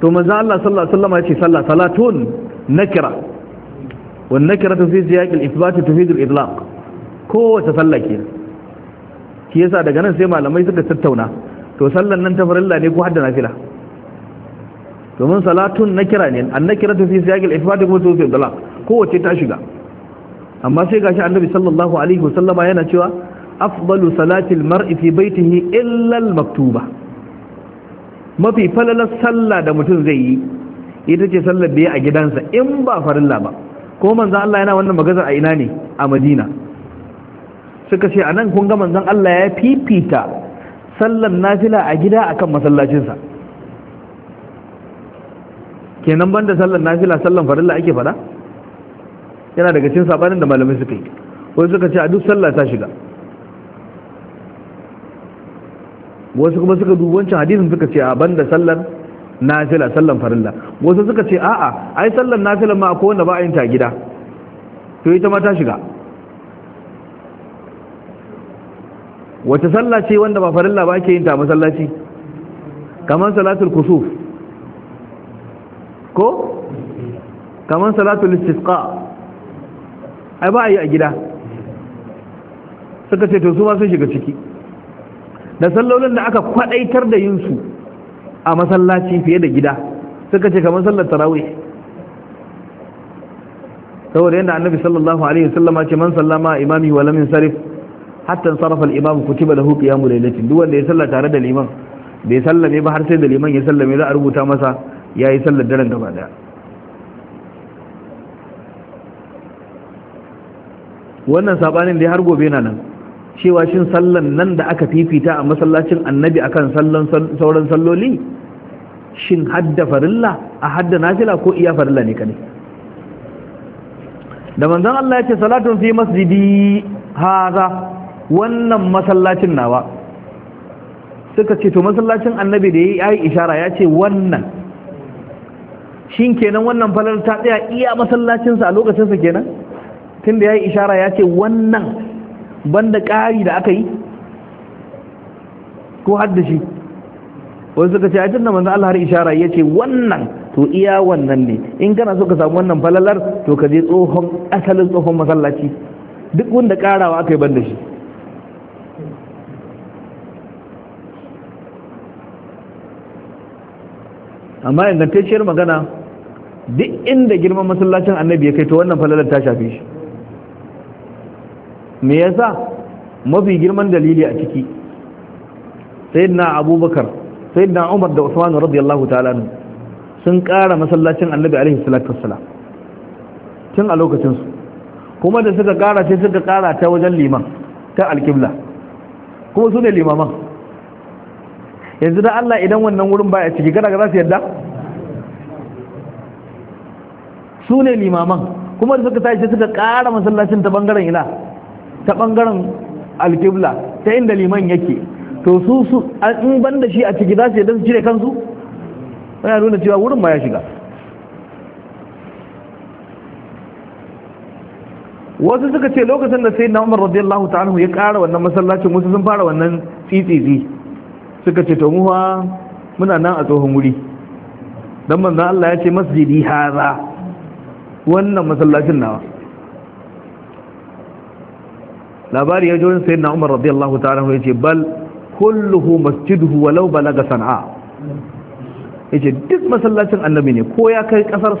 to manzo Allah sallallahu alaihi wasallam ya ce sallah salatun nakira wan nakiratu fi siyaq al-ithbat tufid al-idlaq kowace sallah ke shi yasa daga nan sai malamai suka tattauna to sallan nan ta farilla ne ko hadda nafila domin salatun nakira ne annakiratu fi siyaq al-ithbat kuma tufid al-idlaq kowace ta shiga amma sai gashi annabi sallallahu alaihi wasallama yana cewa afdalu salati al-mar'i fi baytihi illa al-maktuba mafi falalar sallah da mutum zai yi ita ce sallar da ya a gidansa in ba farilla ba ko manzan Allah yana wannan magazin a ina ne a madina suka ce a nan kun ga manzan Allah ya fifita sallar nafila a gida akan masallacinsa kenan banda sallar nafila sallar farilla ake fada yana daga cin sabanin da malamai suka yi wani suka ce a duk sallah ta shiga wasu kuma suka dubi wancan hadisin suka ce a banda sallar nafila sallan farilla wasu suka ce a'a ai sallan nafila ma akwai wanda ba a yin ta gida to ita ma ta shiga wata sallah ce wanda ba farilla ba ke yin ta masallaci kamar salatul kusuf ko kamar salatul istisqa ai ba a yi a gida suka ce to su ma sun shiga ciki da sallolin da aka kwadaitar da yin su a masallaci fiye da gida suka ce kamar sallar tarawih saboda yadda annabi sallallahu alaihi wasallama ce man sallama imami wa lamin sarif hatta sarafa al-imam kutiba lahu qiyamu laylatin duk wanda ya salla tare da liman bai sallame ba har sai da liman ya sallame za a rubuta masa yayi sallar daren gaba daya wannan sabanin dai har gobe na nan cewa shin sallan nan da aka fifita a masallacin annabi akan sallan sauran salloli shin hadda farilla a hadda nafila ko iya farilla ne kane da manzon Allah ya ce salatun fi masjidi haza wannan masallacin nawa suka ce to masallacin annabi da ya yi ishara ya ce wannan shin kenan wannan falar ta tsaya iya masallacinsa a lokacinsa kenan tun da ya yi ishara ya ce wannan banda ƙari da aka yi ko haddashi wani suka ce tun da manzan Allah har ishara ya ce wannan to iya wannan ne in kana so ka samu wannan falalar to ka je tsohon asalin tsohon masallaci duk wanda ƙarawa aka yi banda shi amma ingantacciyar magana duk inda girman masallacin annabi ya kai to wannan falalar ta shafi shi me yasa mafi girman dalili a ciki na abubakar na umar da usman radiyallahu ta'ala sun ƙara masallacin annabi alaihi salatu wassalam tun a lokacin su kuma da suka ƙara sai suka ƙara ta wajen liman ta alƙibla kuma su ne limaman yanzu da Allah idan wannan wurin baya ciki kada ga za su yadda su ne limaman kuma da suka tashi suka ƙara masallacin ta bangaren ila ta bangaren alkibla ta inda liman yake to su su in banda shi a ciki za su yadda su cire kansu yana nuna cewa wurin ma ya shiga wasu suka ce lokacin da sai na umar radiyallahu ta'ala ya kara wannan masallacin wasu sun fara wannan tsitsi suka ce to muwa muna nan a tsohon wuri don manzan Allah ya ce masjidi haza wannan masallacin nawa labari ya jorin na umar radiyallahu ta'ala ya ce bal kulluhu masjiduhu walau balaga Ya ce duk masallacin annabi ne ko ya kai kasar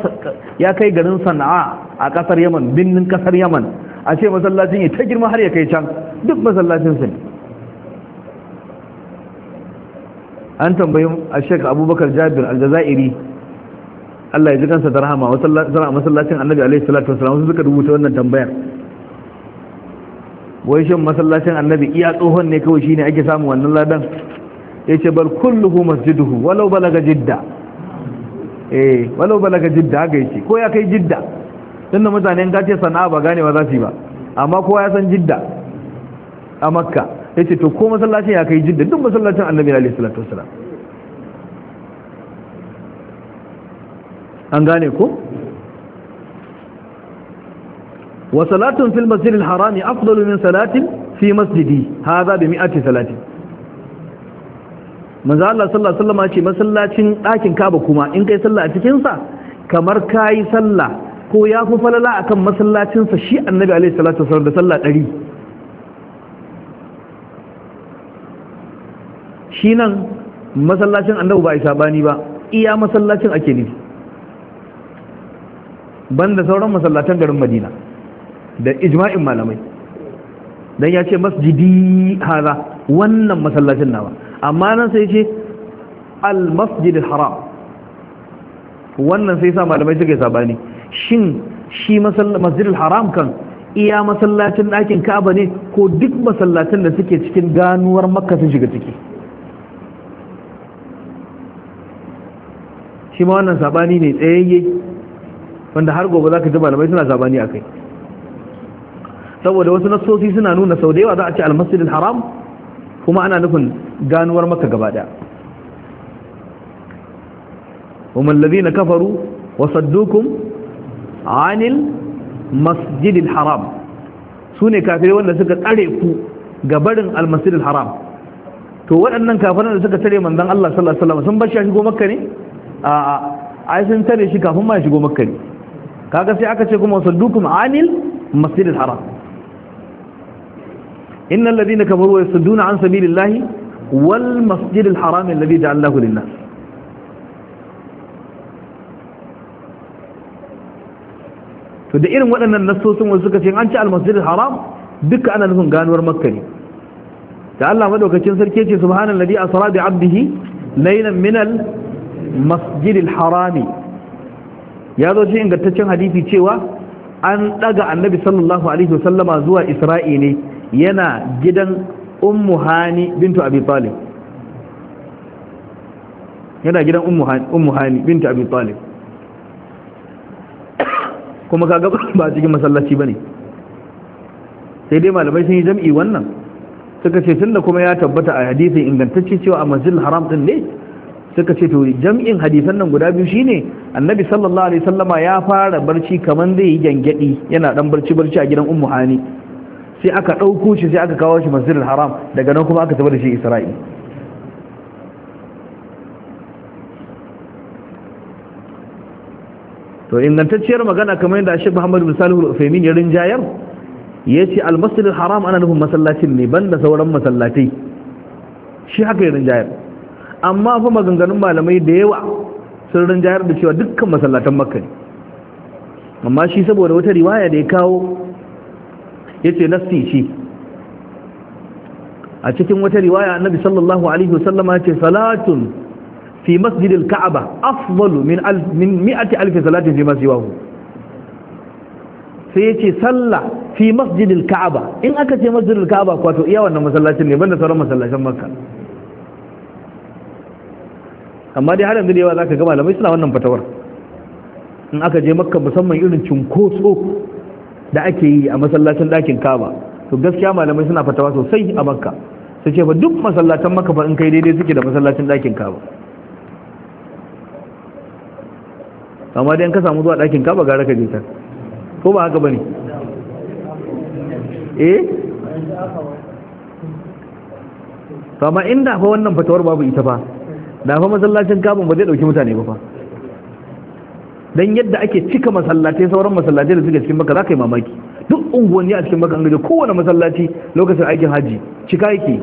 ya kai garin sana'a a kasar yaman binnin kasar yaman a ce masallacin ya ta girma har ya kai can duk masallacin su ne an tambayi a shek abubakar jabir aljazairi Allah ya ji kansa da rahama masallacin annabi alaihi salatu wasallam suka rubuta wannan tambayar wai shin masallacin annabi iya tsohon ne kawai shine ake samu wannan ladan Ya ce bal kulluhu masjiduhu walau balaga jidda eh walau balaga jidda haka yake ko ya kai jidda tunda mutane in ce sana'a ba gane ba za su yi ba amma kowa ya san jidda a makka ya ce to ko masallacin ya kai jidda duk masallacin annabi alaihi salatu wasalam an gane ko wa salatun fil masjidil harami afdalu min salatin fi masjidi hadha bi mi'ati salati manzo Allah sallallahu alaihi wasallam ce masallacin ɗakin Kaaba kuma in kai sallah a cikin sa kamar kayi sallah ko ya fi falala akan masallacin sa shi annabi alaihi salatu wasallam da sallah 100 shi nan masallacin annabi ba isa bani ba iya masallacin ake nufi banda sauran masallatan garin Madina da ijma'in malamai dan ya ce masjidi haza wannan masallacin nawa amma nan sai ce al masjid haram wannan sai sa malamai suka yi sabani shin shi masjid haram kan iya masallacin ɗakin ka'aba ne ko duk masallacin da suke cikin ganuwar makka shiga ciki shi ma wannan sabani ne tsayayye wanda har gobe za ka ji malamai suna sabani akai? saboda wasu nasosi suna nuna sau da yawa za a ce almasirin haram kuma ana nufin ganuwar maka gaba daya na kafaru كفروا وصدوكم عن haram. Su ne كافرين wanda suka tsare ku gabarin almasirin haram? to waɗannan kafiran da suka tare manzon Allah sallallahu sun bar shi shigo makka ne a a ai sun tare shi kafin ma shigo makka ne kaga sai aka ce kuma saddukum anil masjid haram. innal ladina kafaru yasudduna an sabilillahi wal masjidil haram alladhi ja'alahu lin-nas to da irin waɗannan nassosin wasu suka ce an ci al-masjidil haram duka ana nufin ganuwar makka ne da Allah madaukakin sarki ce subhanallazi asra bi 'abdihi laylan min al-masjidil harami ya zo cikin ingantaccen hadisi cewa an daga annabi sallallahu alaihi wasallama zuwa isra'i ne yana gidan ummu hani bintu abi talib yana gidan ummu hani bintu abi talib kuma kaga ba cikin masallaci bane sai dai malamai sun yi jam'i wannan suka ce tunda kuma ya tabbata a hadisin ingantacce cewa a masjidil haram din ne suka ce to jam'in hadisan nan guda biyu shine annabi sallallahu alaihi wasallama ya fara barci kaman zai yi gyangyaɗi yana dan barci barci a gidan ummu hani sai aka ɗauko shi sai aka kawo shi masjidil haram daga nan kuma aka tafi da shi isra'i to ingantacciyar magana kamar yadda shi Muhammadu bin salihu al ya rinjayar ya ce al haram ana nufin masallacin ne ban da sauran masallatai shi haka ya rinjayar amma fa maganganun malamai da yawa sun rinjayar da cewa dukkan masallatan makka ne amma shi saboda wata riwaya da ya kawo yace nassi shi a cikin wata riwaya annabi sallallahu alaihi wasallama ce salatun fi masjidil ka'aba afdalu min alf min mi'ati alf salatin fi masjidihi sai yace sallah fi masjidil ka'aba in aka ce masjidil ka'aba kwato iya wannan masallacin ne banda sauran masallacin makka amma dai har yanzu da yawa za ka ga malamai suna wannan fatawar in aka je makka musamman irin cunkoso da ake yi a masallacin ɗakin kaba to gaskiya malamai suna fatawa sosai a makka su ce ba duk masallatan makka ba in kai daidai suke da masallacin ɗakin kaba amma dai ka samu zuwa ɗakin kaba gara ka je ta ko ba haka ba ne eh amma inda fa wannan fatawar babu ita fa da fa masallacin kaba ba zai ɗauki mutane ba fa dan yadda ake cika masallatai sauran masallatai da suke cikin baka za ka yi mamaki duk unguwanni a cikin baka an gaje kowane masallaci lokacin aikin haji cika yake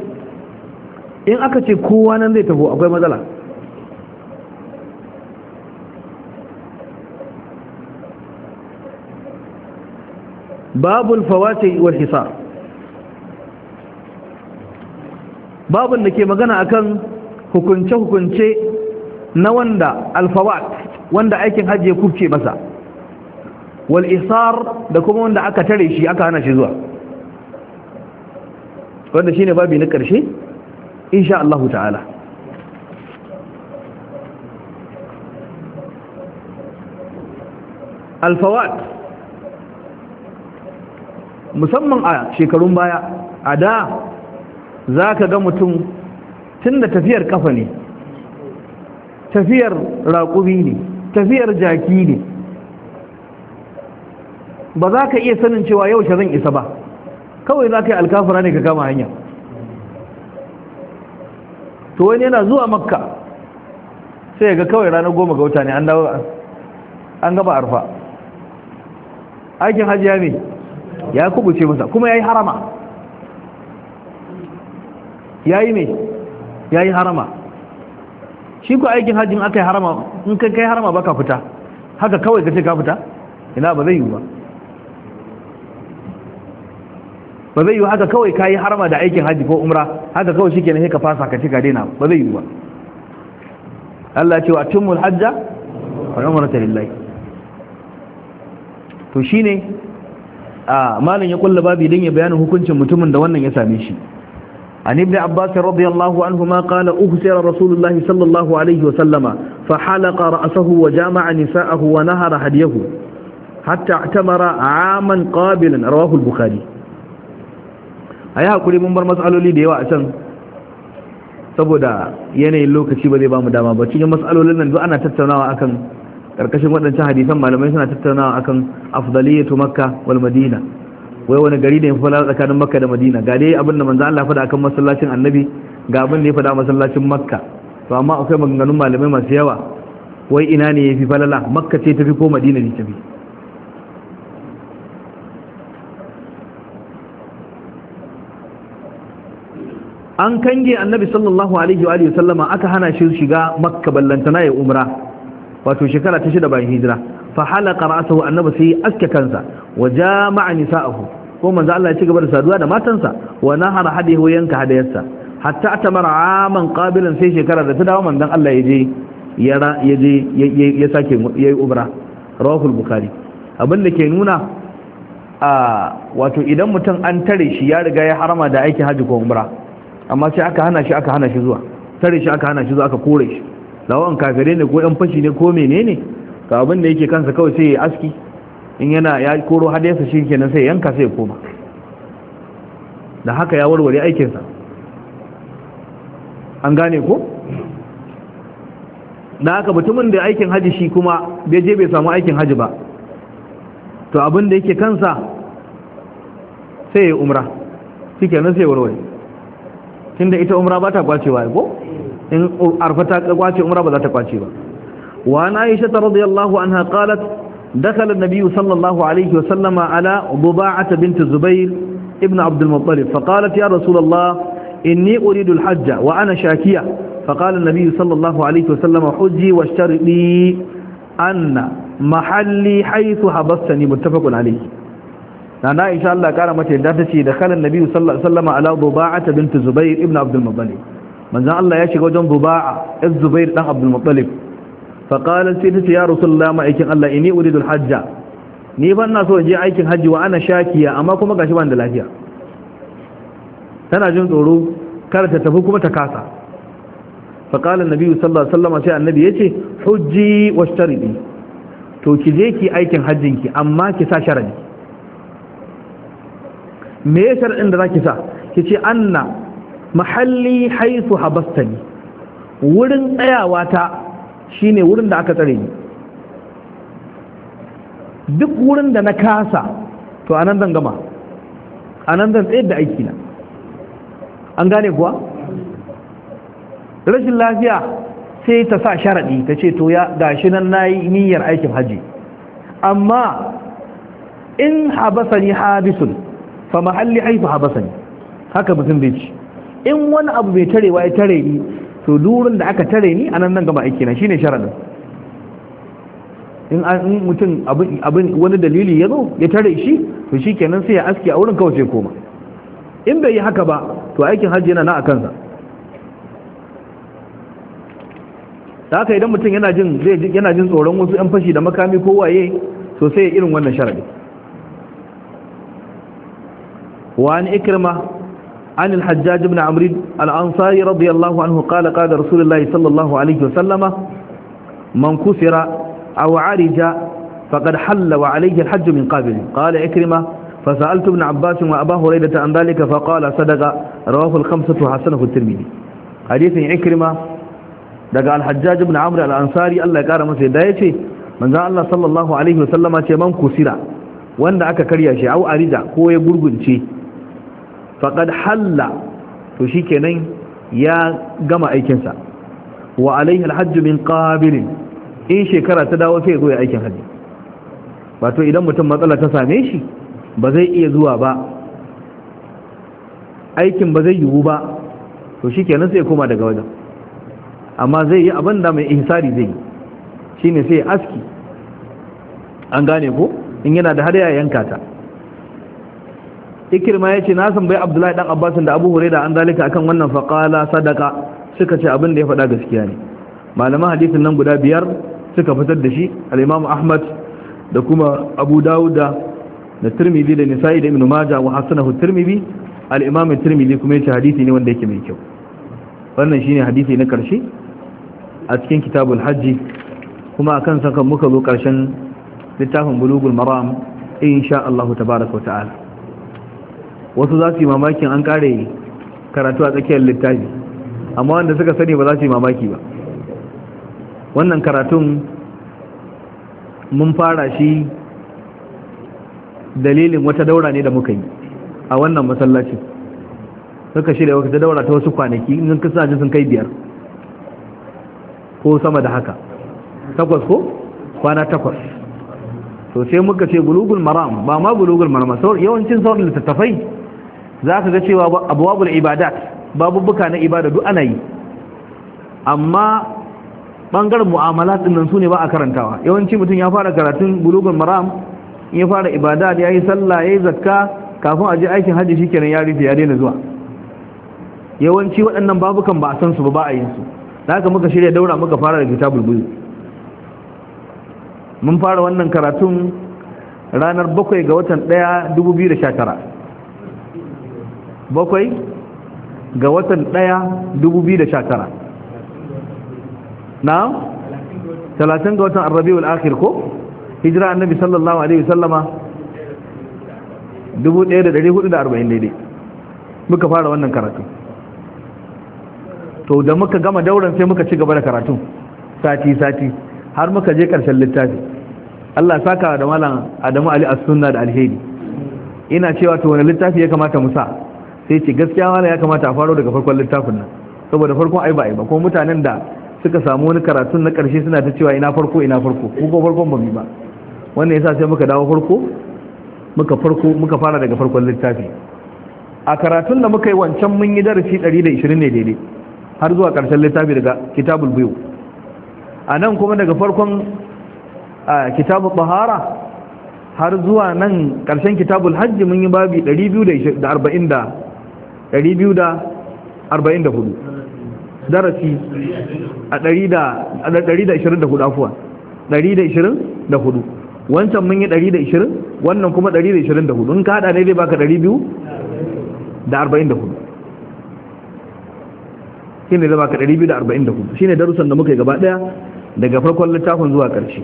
in aka ce kowa nan zai taho akwai matsala babul fawati wa hisa babun da ke magana akan hukunce-hukunce na wanda alfawat wanda aikin hajji ya kufce masa wal isar da kuma wanda aka tare shi aka hana shi zuwa wanda ne babi na karshe insha Allah ta'ala Alfawad musamman a shekarun baya a da za ka ga mutum tun da tafiyar kafa ne tafiyar raƙumi ne tafiyar jaki ne ba za ka iya sanin cewa yau zan isa ba kawai za ka yi alkafura ne ka kama hanya to wani yana zuwa makka sai ga kawai ranar goma ga wuta ne an gaba arfa aikin hajiya ya ya kubuce masa kuma ya yi harama ya yi ya yi harama shi ko aikin hajjin aka yi harama in kai kai harama baka fita haka kawai ce ka fita ina ba zai yi ba ba zai yi haka kawai ka yi harama da aikin hajji ko umra haka kawai kenan sai ka fasa ka ce ka daina ba zai yi ba Allah ya ce wa tumul hajja wa umrata lillahi to shine a malin ya kulla babi dan ya bayani hukuncin mutumin da wannan ya same shi عن ابن عباس رضي الله عنهما قال أهسر رسول الله صلى الله عليه وسلم فحلق رأسه وجامع نساءه ونهر هديه حتى اعتمر عاما قابلا رواه البخاري a yi haƙuri da yawa can saboda yanayin lokaci ba zai ba mu dama ba cikin matsalolin nan duk ana tattaunawa akan ƙarƙashin waɗancan hadisan malamai suna tattaunawa akan afdaliyatu makka wal madina wai wani gari da ya lalata tsakanin makka da madina ga dai abin da manzo Allah faɗa akan masallacin annabi ga abin da ya faɗa masallacin makka to amma akwai maganganun malamai masu yawa wai ina ne yafi falala makka ce tafi ko madina ne tafi an kange annabi sallallahu alaihi wa sallama aka hana shi shiga makka ballantana ya umra wato shekara ta shida bayan hijira fa halaka ra'sahu annabi sai aske kansa wa jama'a nisa'ahu ko manzo Allah ya ci gaba da saduwa da matansa wa nahara hadihu yanka hadayarsa hatta atamara aman qabilan sai shekara da ta dawo manzon Allah ya je ya je ya sake yayi rawahu al-bukhari abin da ke nuna a wato idan mutum an tare shi ya riga ya harama da aikin haji ko umra amma sai aka hana shi aka hana shi zuwa tare shi aka hana shi zuwa aka kore shi lawan kafire ne ko yan fashi ne ko menene to abin da yake kansa kawai sai ya aski in yana ya koro hadiyarsa shi kenan sai yanka sai ya koma da haka ya warware aikinsa an gane ko da haka mutumin da aikin haji shi kuma bai je bai samu aikin haji ba to abin da yake kansa sai ya umra shi kenan sai ya warware tunda ita umra ba ta kwacewa ko in arfa ta kwace umra ba za ta kwace ba وعن عائشة رضي الله عنها قالت دخل النبي صلى الله عليه وسلم على ضباعة بنت الزبير ابن عبد المطلب فقالت يا رسول الله إني أريد الحج وأنا شاكية فقال النبي صلى الله عليه وسلم حجي واشترطي أن محلي حيث حبستني متفق عليه أنا إن شاء الله قال متى دفتي دخل النبي صلى الله عليه وسلم على ضباعة بنت الزبير ابن عبد المطلب من الله يشغل جنب ضباعة الزبير بن عبد المطلب faƙalar sai ta ce ya rasulullah ma'aikin Allah ini uridul hajja ni ban na so in je aikin hajji wa ana shakiya amma kuma gashi ban da lafiya tana jin tsoro kar ta tafi kuma ta kasa nabi sallallahu alaihi wasallam sai annabi ce hujji washtaridi to ki je ki aikin hajjin ki amma ki sa sharadi me sharadin da zaki sa ki ce anna mahalli haythu habastani wurin tsayawa ta Shi ne wurin da aka tsare ni duk wurin da na kasa to anan zan gama anan zan tsayar da aiki na an gane kuwa rashin lafiya sai ta sa sharaɗi ta ce to ya gashi nan na yi niyyar aikin hajji amma in habasani habisun fa mahalli haifu habasani haka mutum bai ci in wani abu bai tarewa ya tare ni so durin da aka tare ni anan nan gaba aiki na shine sharadin in an mutum abin wani dalili ya ya tare shi to kenan sai ya aske a wurin kawai sai koma in bai yi haka ba to aikin hajji yana na a kansa da idan mutum yana jin yana jin tsoron wasu yan fashi da makami ko waye to sai irin wannan sharadi Wani an عن الحجاج بن عمرو الأنصاري رضي الله عنه قال قال رسول الله صلى الله عليه وسلم من كسر أو عرج فقد حل وعليه الحج من قبل قال عكرمة فسألت ابن عباس وأبا هريرة عن ذلك فقال صدق رواه الخمسة حسنه الترمذي حديث عكرمة daga alhajjaj ibn amr al-ansari Allah ya kara masa da yace manzo Allah sallallahu alaihi wasallama ce man kusira wanda aka karya shi au arida ko ya gurgunce faqad halla to shikenan ya gama aikinsa wa alaihi alhajj min qabil in shekara ta dawo sai ya aikin haji wato idan mutum matsala ta same shi ba zai iya zuwa ba aikin ba zai yiwu ba to shikenan sai koma daga wajen amma zai yi abin da mai ihsari zai yi shine sai aski an gane ko in yana da har ya yanka ta ikirma ya ce na san bai abdullahi dan abbas da abu huraira an zalika akan wannan faqala sadaka suka ce abin da ya faɗa gaskiya ne malaman hadisin nan guda biyar suka fitar da shi al-imam ahmad da kuma abu dawud da tirmidhi da nisa'i da ibn majah wa hasanahu tirmidhi al-imam tirmidhi kuma yace hadisi ne wanda yake mai kyau wannan shine hadisi na karshe a cikin kitabul hajji kuma akan saka muka zo karshen littafin bulugul maram insha Allah tabaaraka wa ta'ala wasu za su yi mamakin an kare karatu a tsakiyar littafi amma wanda suka sani ba za su yi mamaki ba wannan karatun mun fara shi dalilin wata daura ne da muka yi a wannan masallacin suka shirya wata daura ta wasu kwanaki in kasance sun kai biyar ko sama da haka takwas ko kwana takwas to sai muka ce bulugul maram ba ma bulugul maram yawancin sauran littattafai za ka ga cewa abuwabul ibadat babubuka na ibada duk ana yi amma bangaren mu'amala din su ne ba a karantawa yawanci mutum ya fara karatun bulugul maram ya fara ibada ya yi sallah ya yi zakka kafin a je aikin hajji shikenan ya rufe ya daina zuwa yawanci waɗannan babukan ba a san su ba a yin su da haka muka shirya daura muka fara da kitabul buyu mun fara wannan karatun ranar bakwai ga watan ɗaya dubu biyu sha tara bakwai ga watan ɗaya dubu biyu da sha tara na talatin ga watan arrabiul akhir ko hijira annabi sallallahu alaihi wasallama dubu ɗaya da ɗari hudu da arba'in daidai muka fara wannan karatu to da muka gama dauran sai muka ci gaba da karatun sati-sati har muka je ƙarshen littafi Allah saka da malam Adamu Ali as-Sunna da alheri ina cewa to wani littafi ya kamata mu sa sai ce gaskiya wani ya kamata a faro daga farkon littafin nan saboda farkon ai ba ai ba kuma mutanen da suka samu wani karatun na karshe suna ta cewa ina farko ina farko ko ko farkon ba ba wannan yasa sai muka dawo farko muka farko muka fara daga farkon littafi a karatun da muka yi wancan mun yi darasi 120 ne daidai har zuwa karshen littafi daga kitabul biyu a nan kuma daga farkon kitabu bahara har zuwa nan karshen kitabul hajji mun yi babi 244 darasi a 124 afuwa 124 wancan mun yi 120 wannan kuma 124 in ka hada ne zai baka 244 shine da baka 244 shine darussan da muka yi gaba daya daga farkon littafin zuwa ƙarshe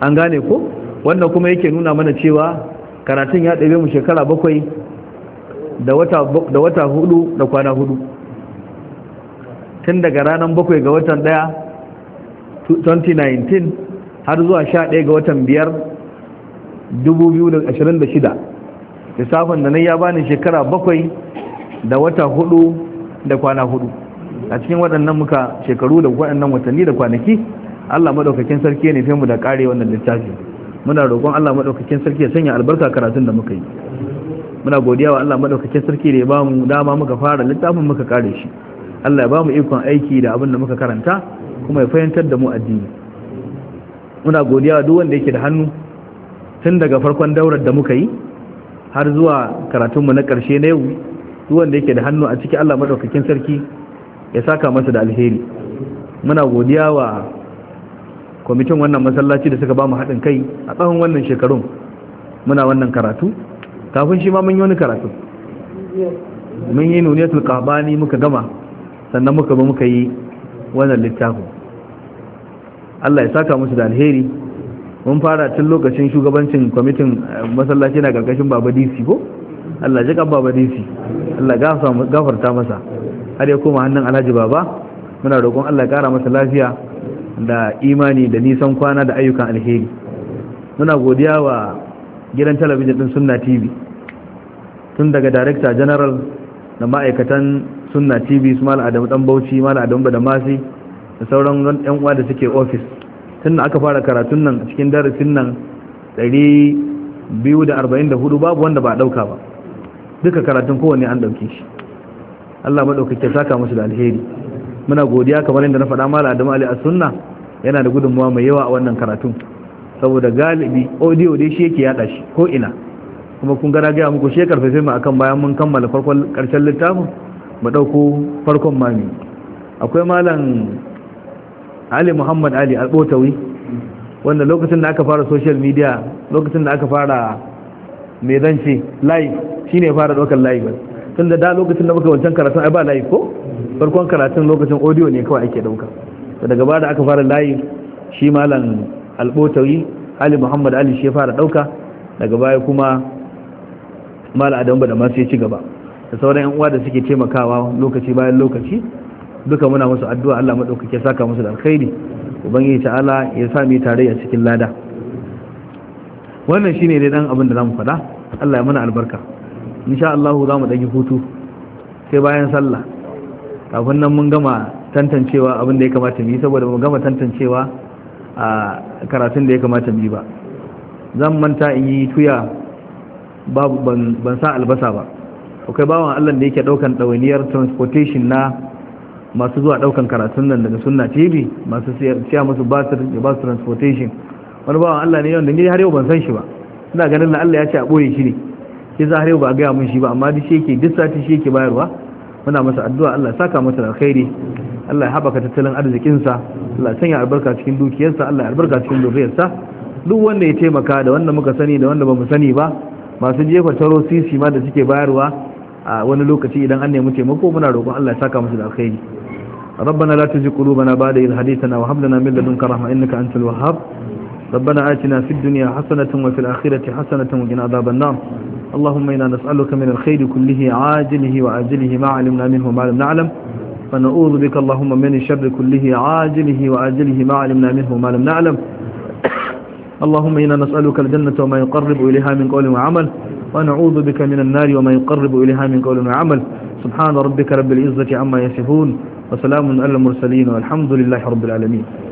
an gane ko wannan kuma yake nuna mana cewa karatun ya ɗabe mu shekara bakwai da wata hudu da kwana hudu tun daga ranar bakwai ga watan daya 2019 har zuwa 11 ga watan biyar 2026 lissafin da nan ya bani shekara bakwai da wata hudu da kwana hudu a cikin waɗannan muka shekaru da waɗannan watanni da kwanaki allah maɗaukakin sarki ne fi mu da ƙare wannan littafi muna roƙon allah maɗaukakin sarki ya sanya albarka karatun da muka yi muna godiya wa Allah madaukakin sarki da ya ba mu dama muka fara littafin muka kare shi Allah ya ba mu ikon aiki da abin da muka karanta kuma ya fahimtar da mu addini muna godiya wa duk wanda yake da hannu tun daga farkon daurar da muka yi har zuwa karatunmu na karshe na yau duk wanda yake da hannu a ciki Allah madaukakin sarki ya saka masa da alheri muna godiya wa kwamitin wannan masallaci da suka ba mu haɗin kai a tsawon wannan shekarun muna wannan karatu kafin shi ma mun yi wani karatu mun yi nuniyatul tulkabani muka gama sannan muka ba muka yi wannan littafin Allah ya saka musu da alheri mun fara tun lokacin shugabancin kwamitin eh, masallaci na karkashin baba DC ko Allah ji baba DC Allah gafarta masa har ya koma hannun Alhaji baba muna roƙon Allah ya kara masa lafiya da imani da nisan kwana da ayyukan alheri muna godiya wa gidan talabijin din sunna tv tun daga director general da ma'aikatan sunna tv su mala adamu dan bauchi mala adamu da masi da sauran yan uwa da suke office tun aka fara karatun nan cikin darasin nan 244 babu wanda ba dauka ba duka karatun kowanne an dauke shi Allah madaukake saka musu da alheri muna godiya kamar yadda na faɗa mala adamu ali as-sunna yana da gudunmuwa mai yawa a wannan karatun saboda galibi audio dai shi yake yada shi ko ina kuma kun gara gaya muku shekar fefe mu akan bayan mun kammala farkon karshen littafin mu dauko farkon mami akwai malam Ali Muhammad Ali Albotawi wanda lokacin da aka fara social media lokacin da aka fara me zance live shi ne fara daukar live tun da da lokacin da muka wancan karatun ai ba live ko farkon karatun lokacin audio ne kawai ake dauka daga baya da aka fara live shi malam albotawi ali muhammad ali shi ya fara ɗauka daga baya kuma mala adam da masu ya ci gaba da sauran yan uwa da suke taimakawa lokaci bayan lokaci duka muna musu addu'a Allah madaukake saka musu da alkhairi ubangiji ta'ala ya sa mu tare a cikin lada wannan shine dai dan abin da zamu faɗa Allah ya mana albarka insha Allah za mu dage hutu sai bayan sallah kafin nan mun gama tantancewa abin da ya kamata mu yi saboda mu gama tantancewa a karatun da ya kamata mu yi ba zan manta in yi tuya babu ban sa albasa ba akwai bawan Allah da yake daukan ɗawainiyar transportation na masu zuwa daukan karatun nan daga sunna tv masu siya musu basir ya basu transportation wani bawan Allah ne wanda ni har yau ban san shi ba ina ganin Allah ya ce a boye shi ne shi za har yau ba a gaya mun shi ba amma duk shi yake duk sati shi yake bayarwa muna masa addu'a Allah saka masa alkhairi Allah ya haɓaka tattalin arzikinsa Allah ya sanya albarka cikin dukiyarsa Allah ya albarka cikin zuriyarsa duk wanda ya taimaka da wanda muka sani da wanda bamu sani ba masu jefa taro sisi ma da suke bayarwa a wani lokaci idan an nemi taimako muna roƙon Allah ya saka musu da alkhairi ربنا لا تزغ قلوبنا بعد إذ هديتنا وهب لنا من لدنك رحمة إنك أنت الوهاب ربنا آتنا في الدنيا حسنة وفي الآخرة حسنة وقنا عذاب النار اللهم إنا نسألك من الخير كله عاجله وآجله ما علمنا منه ما لم نعلم فنعوذ بك اللهم من شر كله عاجله وآجله ما علمنا منه وما لم نعلم اللهم إنا نسألك الجنة وما يقرب إليها من قول وعمل ونعوذ بك من النار وما يقرب إليها من قول وعمل سبحان ربك رب العزة عما يصفون وسلام على المرسلين والحمد لله رب العالمين